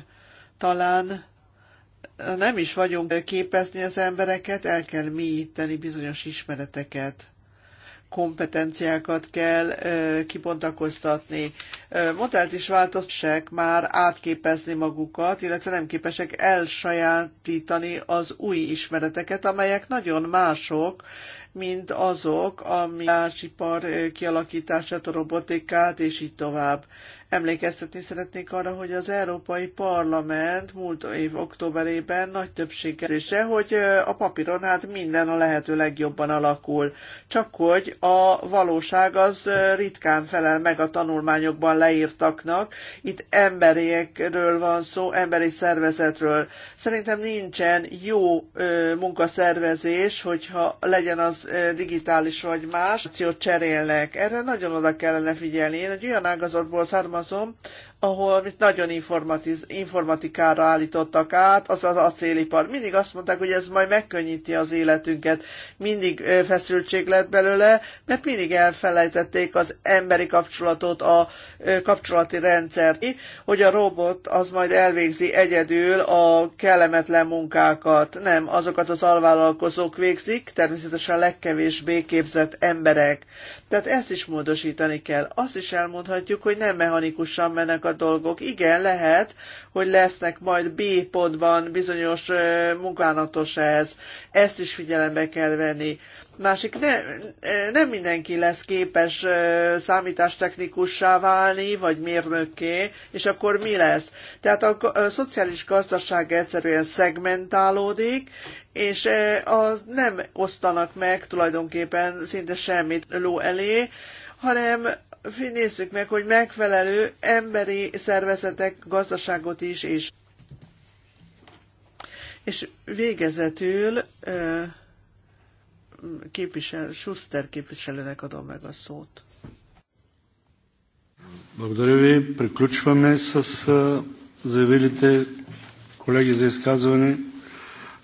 talán nem is vagyunk képezni az embereket, el kell mélyíteni bizonyos ismereteket kompetenciákat kell ö, kibontakoztatni. Ö, modellt is változtassák már átképezni magukat, illetve nem képesek elsajátítani az új ismereteket, amelyek nagyon mások, mint azok, ami másipar kialakítását, a robotikát, és így tovább. Emlékeztetni szeretnék arra, hogy az Európai Parlament múlt év októberében nagy többséggel hogy a papíron hát minden a lehető legjobban alakul. Csak hogy a valóság az ritkán felel meg a tanulmányokban leírtaknak. Itt emberiekről van szó, emberi szervezetről. Szerintem nincsen jó munkaszervezés, hogyha legyen az digitális vagy más, cserélnek. Erre nagyon oda kellene figyelni. Én egy olyan ágazatból származom, alkalmazom, ahol amit nagyon informatikára állítottak át, az az acélipar. Mindig azt mondták, hogy ez majd megkönnyíti az életünket. Mindig feszültség lett belőle, mert mindig elfelejtették az emberi kapcsolatot, a kapcsolati rendszert, hogy a robot az majd elvégzi egyedül a kellemetlen munkákat. Nem, azokat az alvállalkozók végzik, természetesen a legkevésbé képzett emberek. Tehát ezt is módosítani kell. Azt is elmondhatjuk, hogy nem mechanikusan mennek a a dolgok. Igen, lehet, hogy lesznek majd B pontban bizonyos munkánatos ez. Ezt is figyelembe kell venni. Másik, ne, nem mindenki lesz képes számítástechnikussá válni, vagy mérnökké, és akkor mi lesz? Tehát a, a szociális gazdaság egyszerűen szegmentálódik, és az nem osztanak meg tulajdonképpen szinte semmit ló elé, hanem nézzük meg, hogy megfelelő emberi szervezetek gazdaságot is, és, és végezetül képvisel, Schuster képviselőnek adom meg a szót. Благодаря ви. Приключваме с заявилите колеги за изказване.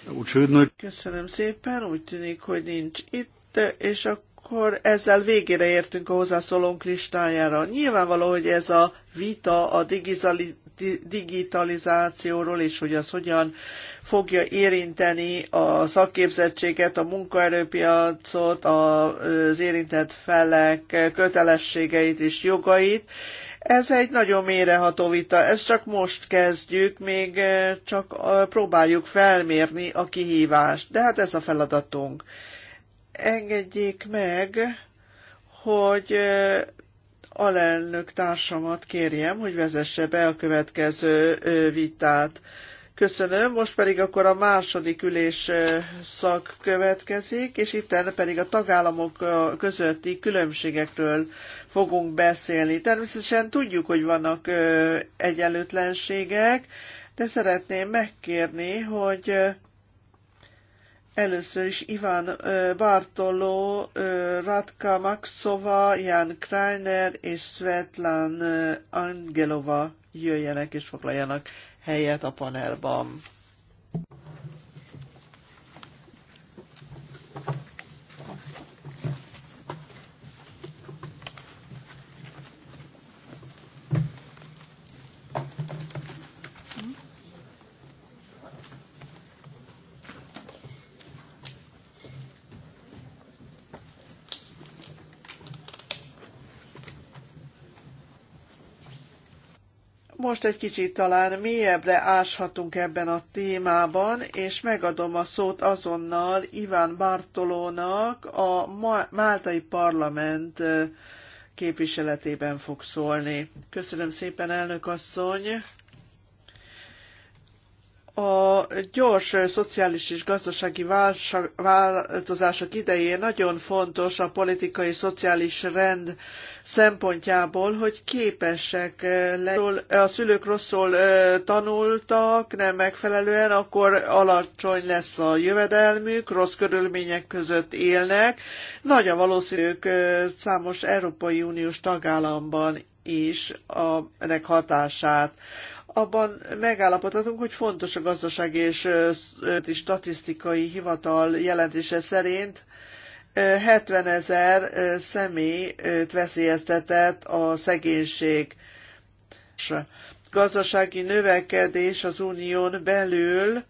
Очевидно е... Köszönöm szépen, úgy tűnik, hogy nincs itt, és akkor akkor ezzel végére értünk a hozzászólónk listájára. Nyilvánvaló, hogy ez a vita a digitalizációról és hogy az hogyan fogja érinteni a szakképzettséget, a munkaerőpiacot, az érintett felek kötelességeit és jogait. Ez egy nagyon méreható vita, ezt csak most kezdjük, még csak próbáljuk felmérni a kihívást, de hát ez a feladatunk engedjék meg, hogy alelnök társamat kérjem, hogy vezesse be a következő vitát. Köszönöm, most pedig akkor a második ülés szak következik, és itt pedig a tagállamok közötti különbségekről fogunk beszélni. Természetesen tudjuk, hogy vannak egyenlőtlenségek, de szeretném megkérni, hogy Először is Iván Bartoló, Radka Maxova, Jan Kreiner és Svetlán Angelova jöjjenek és foglaljanak helyet a panelban. Most egy kicsit talán mélyebbre áshatunk ebben a témában, és megadom a szót azonnal Iván Bartolónak, a Máltai Parlament képviseletében fog szólni. Köszönöm szépen, elnök asszony! A gyors szociális és gazdasági változások idején nagyon fontos a politikai szociális rend szempontjából, hogy képesek eh, le A szülők rosszul eh, tanultak, nem megfelelően, akkor alacsony lesz a jövedelmük, rossz körülmények között élnek. Nagy a valószínűk eh, számos Európai Uniós tagállamban is a, ennek hatását abban megállapodhatunk, hogy fontos a gazdaság és statisztikai hivatal jelentése szerint 70 ezer személyt veszélyeztetett a szegénység. Gazdasági növekedés az unión belül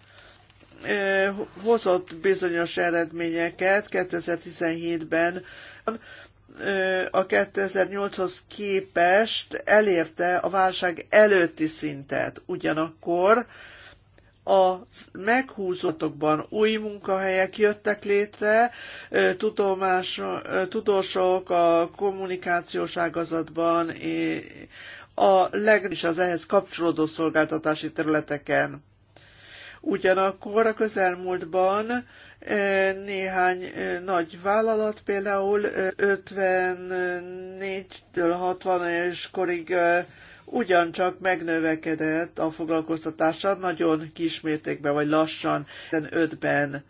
hozott bizonyos eredményeket 2017-ben. A 2008-hoz képest elérte a válság előtti szintet. Ugyanakkor a meghúzottokban új munkahelyek jöttek létre, tudomás, tudósok a kommunikációs ágazatban, a legnagyobb az ehhez kapcsolódó szolgáltatási területeken. Ugyanakkor a közelmúltban néhány nagy vállalat, például 54-től 60 és korig ugyancsak megnövekedett a foglalkoztatása nagyon kis mértékben, vagy lassan, 5-ben.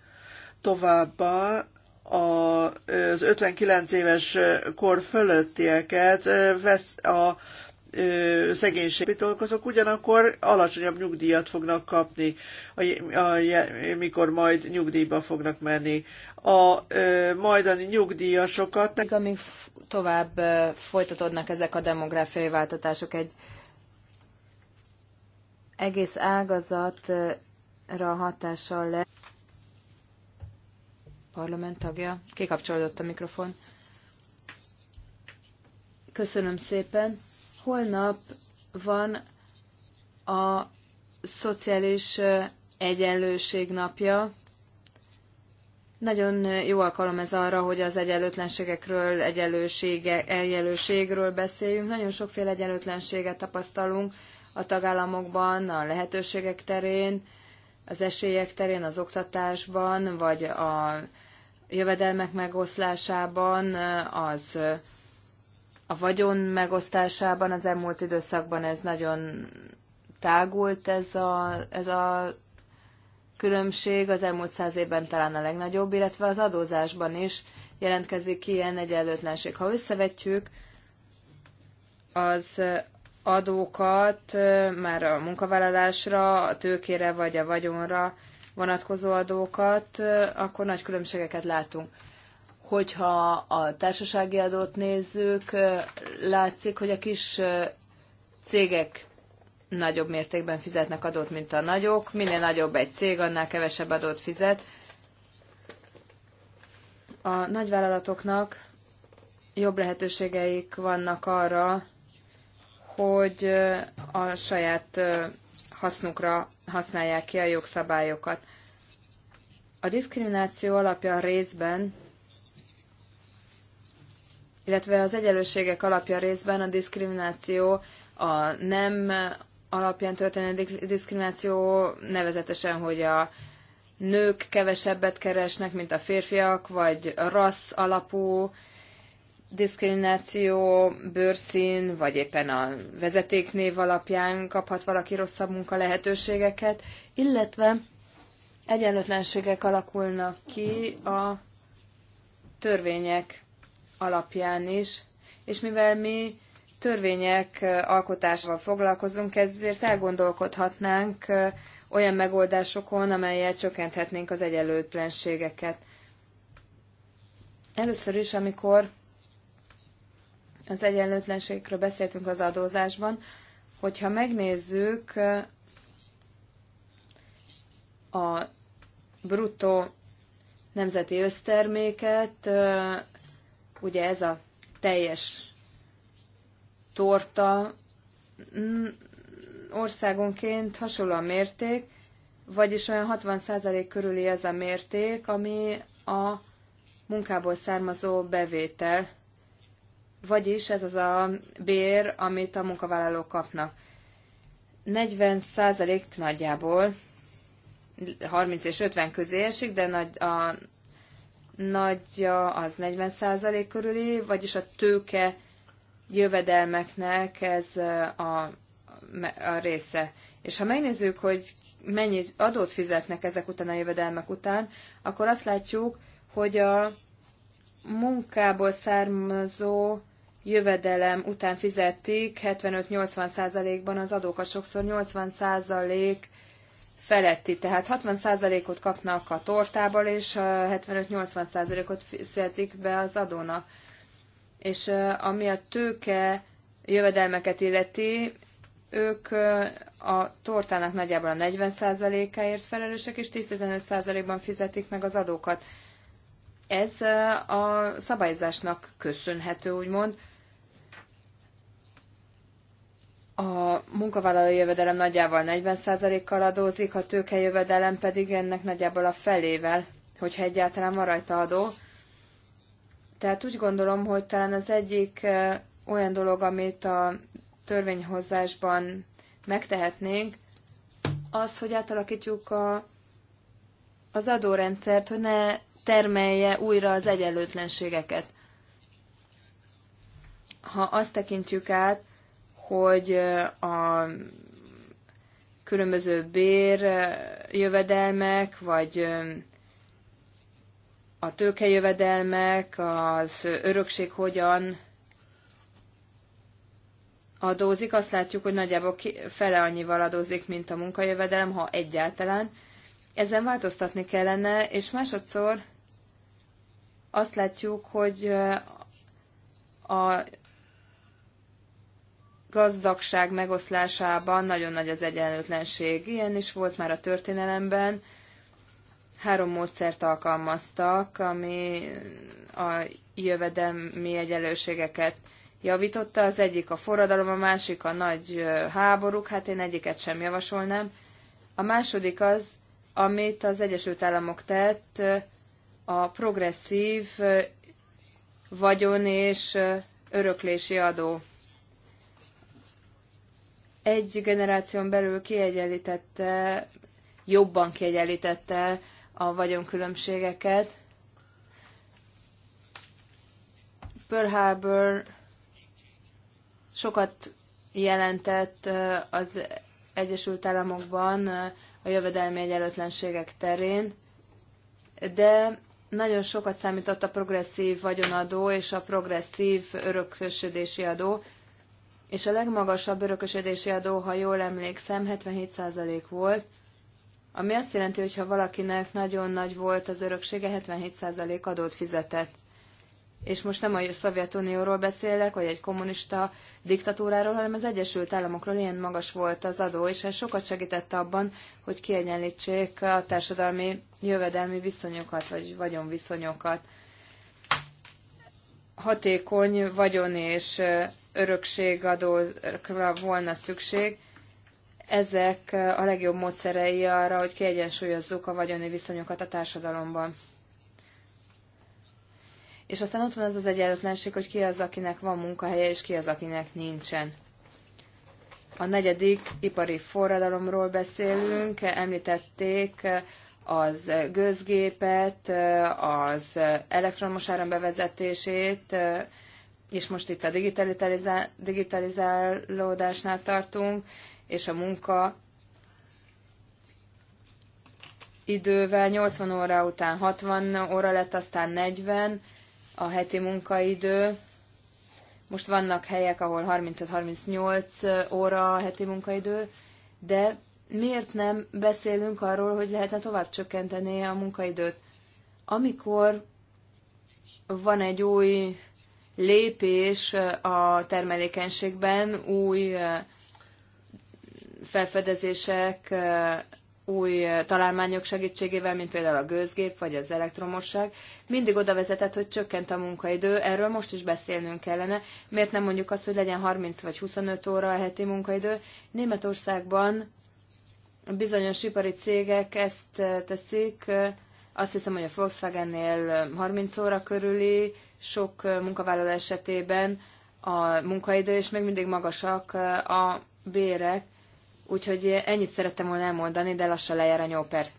Továbbá az 59 éves kor fölöttieket vesz a szegénység dolgozók, ugyanakkor alacsonyabb nyugdíjat fognak kapni, amikor majd nyugdíjba fognak menni a ö, majdani nyugdíjasokat. meg amíg tovább folytatódnak ezek a demográfiai váltatások, egy egész ágazatra hatással le. Parlament tagja. Kikapcsolódott a mikrofon. Köszönöm szépen. Holnap van a szociális egyenlőség napja. Nagyon jó alkalom ez arra, hogy az egyenlőtlenségekről, egyenlősége, egyenlőségről beszéljünk. Nagyon sokféle egyenlőtlenséget tapasztalunk a tagállamokban, a lehetőségek terén, az esélyek terén, az oktatásban, vagy a jövedelmek megoszlásában, az a vagyon megosztásában az elmúlt időszakban ez nagyon tágult ez a, ez a különbség az elmúlt száz évben talán a legnagyobb, illetve az adózásban is jelentkezik ilyen egyenlőtlenség. Ha összevetjük az adókat már a munkavállalásra, a tőkére vagy a vagyonra vonatkozó adókat, akkor nagy különbségeket látunk. Hogyha a társasági adót nézzük, látszik, hogy a kis cégek nagyobb mértékben fizetnek adót, mint a nagyok. Minél nagyobb egy cég, annál kevesebb adót fizet. A nagyvállalatoknak jobb lehetőségeik vannak arra, hogy a saját hasznukra használják ki a jogszabályokat. A diszkrimináció alapja részben, illetve az egyenlőségek alapja részben a diszkrimináció a nem alapján történő diszkrimináció, nevezetesen, hogy a nők kevesebbet keresnek, mint a férfiak, vagy rassz alapú diszkrimináció, bőrszín, vagy éppen a vezetéknév alapján kaphat valaki rosszabb munka lehetőségeket, illetve egyenlőtlenségek alakulnak ki a törvények alapján is, és mivel mi törvények alkotásával foglalkozunk, ezért elgondolkodhatnánk olyan megoldásokon, amelyel csökkenthetnénk az egyenlőtlenségeket. Először is, amikor az egyenlőtlenségről beszéltünk az adózásban, hogyha megnézzük a bruttó nemzeti összterméket, ugye ez a teljes torta mm, országonként hasonló a mérték, vagyis olyan 60% körüli ez a mérték, ami a munkából származó bevétel, vagyis ez az a bér, amit a munkavállalók kapnak. 40% nagyjából, 30 és 50 közé esik, de nagy, a nagyja az 40% körüli, vagyis a tőke jövedelmeknek ez a, a része. És ha megnézzük, hogy mennyit adót fizetnek ezek után a jövedelmek után, akkor azt látjuk, hogy a munkából származó jövedelem után fizették 75-80%-ban az adókat, sokszor 80% feletti, tehát 60%-ot kapnak a tortából, és 75-80%-ot fizetik be az adónak és ami a tőke jövedelmeket illeti, ők a tortának nagyjából a 40%-áért felelősek, és 10-15%-ban fizetik meg az adókat. Ez a szabályzásnak köszönhető, úgymond. A munkavállaló jövedelem nagyjából 40%-kal adózik, a tőkejövedelem pedig ennek nagyjából a felével, hogyha egyáltalán van rajta adó tehát úgy gondolom, hogy talán az egyik olyan dolog, amit a törvényhozásban megtehetnénk, az, hogy átalakítjuk a, az adórendszert, hogy ne termelje újra az egyenlőtlenségeket. Ha azt tekintjük át, hogy a különböző bér jövedelmek, vagy a tőkejövedelmek, az örökség hogyan adózik, azt látjuk, hogy nagyjából fele annyival adózik, mint a munkajövedelem, ha egyáltalán. Ezen változtatni kellene, és másodszor azt látjuk, hogy a gazdagság megoszlásában nagyon nagy az egyenlőtlenség. Ilyen is volt már a történelemben, három módszert alkalmaztak, ami a jövedelmi egyenlőségeket javította. Az egyik a forradalom, a másik a nagy háborúk, hát én egyiket sem javasolnám. A második az, amit az Egyesült Államok tett, a progresszív vagyon és öröklési adó. Egy generáción belül kiegyenlítette, jobban kiegyenlítette a vagyonkülönbségeket. Pearl Harbor sokat jelentett az Egyesült Államokban a jövedelmi egyenlőtlenségek terén, de nagyon sokat számított a progresszív vagyonadó és a progresszív örökösödési adó, és a legmagasabb örökösödési adó, ha jól emlékszem, 77% volt, ami azt jelenti, hogy ha valakinek nagyon nagy volt az öröksége, 77% adót fizetett. És most nem a Szovjetunióról beszélek, vagy egy kommunista diktatúráról, hanem az Egyesült Államokról ilyen magas volt az adó, és ez sokat segített abban, hogy kiegyenlítsék a társadalmi jövedelmi viszonyokat, vagy vagyonviszonyokat. Hatékony vagyon és örökségadókra volna szükség, ezek a legjobb módszerei arra, hogy kiegyensúlyozzuk a vagyoni viszonyokat a társadalomban. És aztán ott van ez az egyenlőtlenség, hogy ki az, akinek van munkahelye, és ki az, akinek nincsen. A negyedik ipari forradalomról beszélünk, említették az gőzgépet, az elektromos áram bevezetését, és most itt a digitalizálódásnál tartunk, és a munka idővel 80 óra után 60 óra lett, aztán 40 a heti munkaidő. Most vannak helyek, ahol 35-38 óra a heti munkaidő, de miért nem beszélünk arról, hogy lehetne tovább csökkenteni a munkaidőt? Amikor van egy új lépés a termelékenységben, új felfedezések új találmányok segítségével, mint például a gőzgép vagy az elektromosság, mindig oda vezetett, hogy csökkent a munkaidő, erről most is beszélnünk kellene. Miért nem mondjuk azt, hogy legyen 30 vagy 25 óra a heti munkaidő? Németországban bizonyos ipari cégek ezt teszik, azt hiszem, hogy a Volkswagen-nél 30 óra körüli, sok munkavállaló esetében a munkaidő, és még mindig magasak a bérek. Úgyhogy ennyit szerettem volna elmondani, de lassan lejár a 8 perc.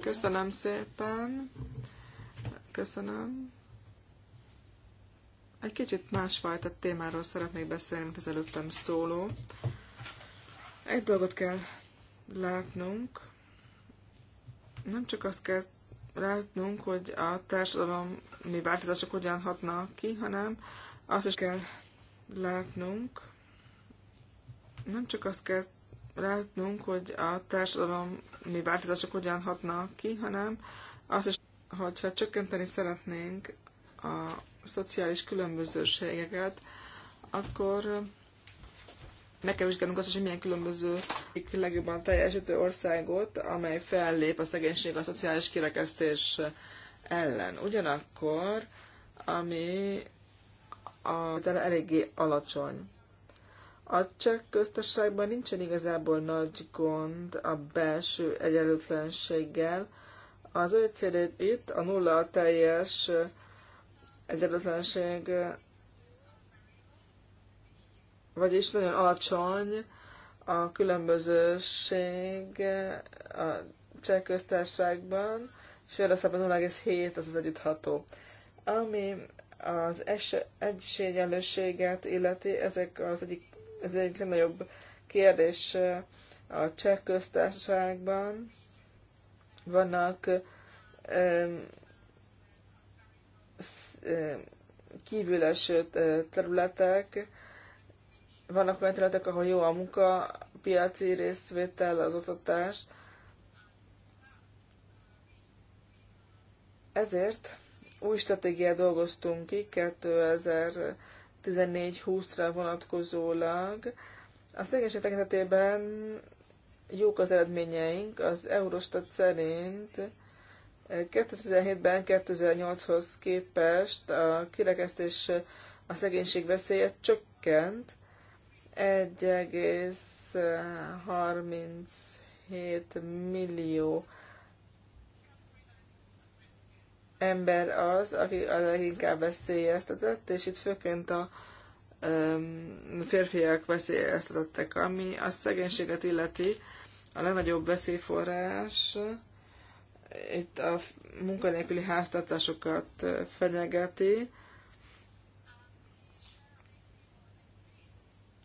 Köszönöm szépen. Köszönöm. Egy kicsit másfajta témáról szeretnék beszélni, mint az előttem szóló. Egy dolgot kell látnunk. Nem csak azt kell látnunk, hogy a mi változások hogyan hatnak ki, hanem azt is kell látnunk, nem csak azt kell látnunk, hogy a társadalmi változások hogyan hatnak ki, hanem azt is, hogyha csökkenteni szeretnénk a szociális különbözőségeket, akkor meg kell vizsgálnunk azt hogy milyen különböző legjobban teljesítő országot, amely fellép a szegénység a szociális kirekesztés ellen. Ugyanakkor, ami a eléggé alacsony. A cseh köztársaságban nincsen igazából nagy gond a belső egyenlőtlenséggel. Az OECD itt a nulla a teljes egyenlőtlenség, vagyis nagyon alacsony a különbözőség a cseh köztársaságban, és Svédországban 0,7 az az együttható. Ami az es- illeti, ezek az egyik ez egy legnagyobb kérdés a cseh köztársaságban. Vannak kívüleső területek, vannak olyan területek, ahol jó a munka, piaci részvétel, az oktatás. Ezért új stratégiát dolgoztunk ki 2000 14-20-ra vonatkozólag. A szegénység tekintetében jók az eredményeink. Az Eurostat szerint 2007-ben 2008-hoz képest a kirekesztés a szegénység veszélye csökkent 1,37 millió ember az, aki a leginkább veszélyeztetett, és itt főként a um, férfiak veszélyeztetettek, ami a szegénységet illeti a legnagyobb veszélyforrás. Itt a munkanélküli háztartásokat fenyegeti.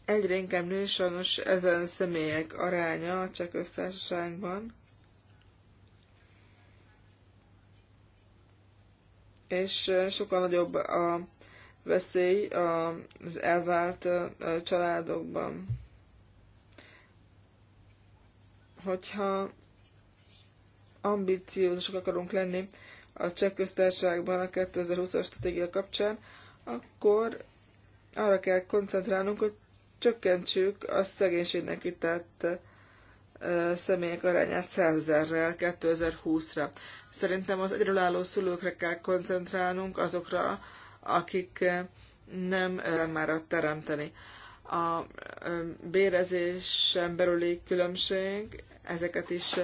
Egyre inkább nő sajnos ezen személyek aránya a csak köztársaságban. és sokkal nagyobb a veszély az elvált családokban. Hogyha ambiciózusok akarunk lenni a cseh köztársaságban a 2020-as stratégia kapcsán, akkor arra kell koncentrálnunk, hogy csökkentsük a szegénységnek itt tehát személyek arányát 100 ezerrel 2020-ra. Szerintem az egyedülálló szülőkre kell koncentrálnunk, azokra, akik nem már a teremteni. A bérezésen belüli különbség, ezeket is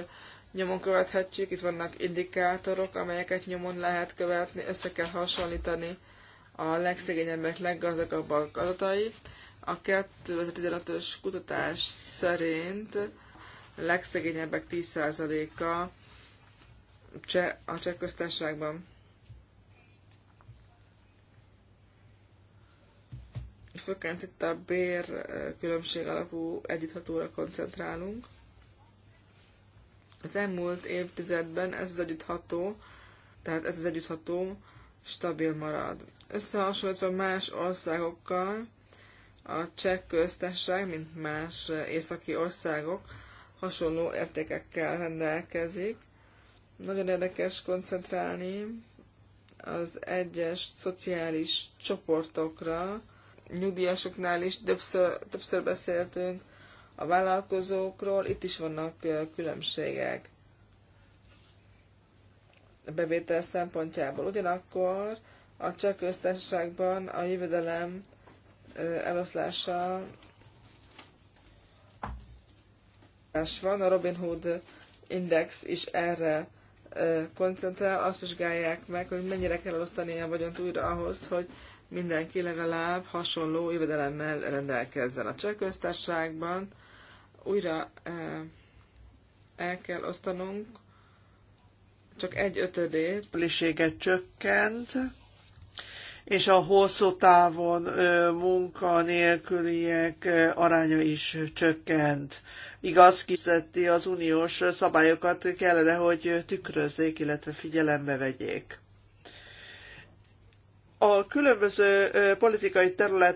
nyomon követhetjük, itt vannak indikátorok, amelyeket nyomon lehet követni, össze kell hasonlítani a legszegényebbek leggazdagabbak adatai. A 2015-ös kutatás szerint legszegényebbek 10%-a cseh, a cseh köztársaságban. Főként itt a bér különbség alapú együtthatóra koncentrálunk. Az elmúlt évtizedben ez az együttható, tehát ez az együttható stabil marad. Összehasonlítva más országokkal, a cseh köztársaság, mint más északi országok, hasonló értékekkel rendelkezik. Nagyon érdekes koncentrálni az egyes szociális csoportokra. Nyugdíjasoknál is többször, többször beszéltünk a vállalkozókról, itt is vannak különbségek a bevétel szempontjából. Ugyanakkor a csak a jövedelem eloszlása van. A Robin Hood Index is erre koncentrál, azt vizsgálják meg, hogy mennyire kell elosztani a vagyont újra ahhoz, hogy mindenki legalább hasonló jövedelemmel rendelkezzen. A cseh újra el kell osztanunk csak egy ötödét. A csökkent, és a hosszú távon munkanélküliek aránya is csökkent igaz, kizeti az uniós szabályokat kellene, hogy tükrözzék, illetve figyelembe vegyék. A különböző politikai terület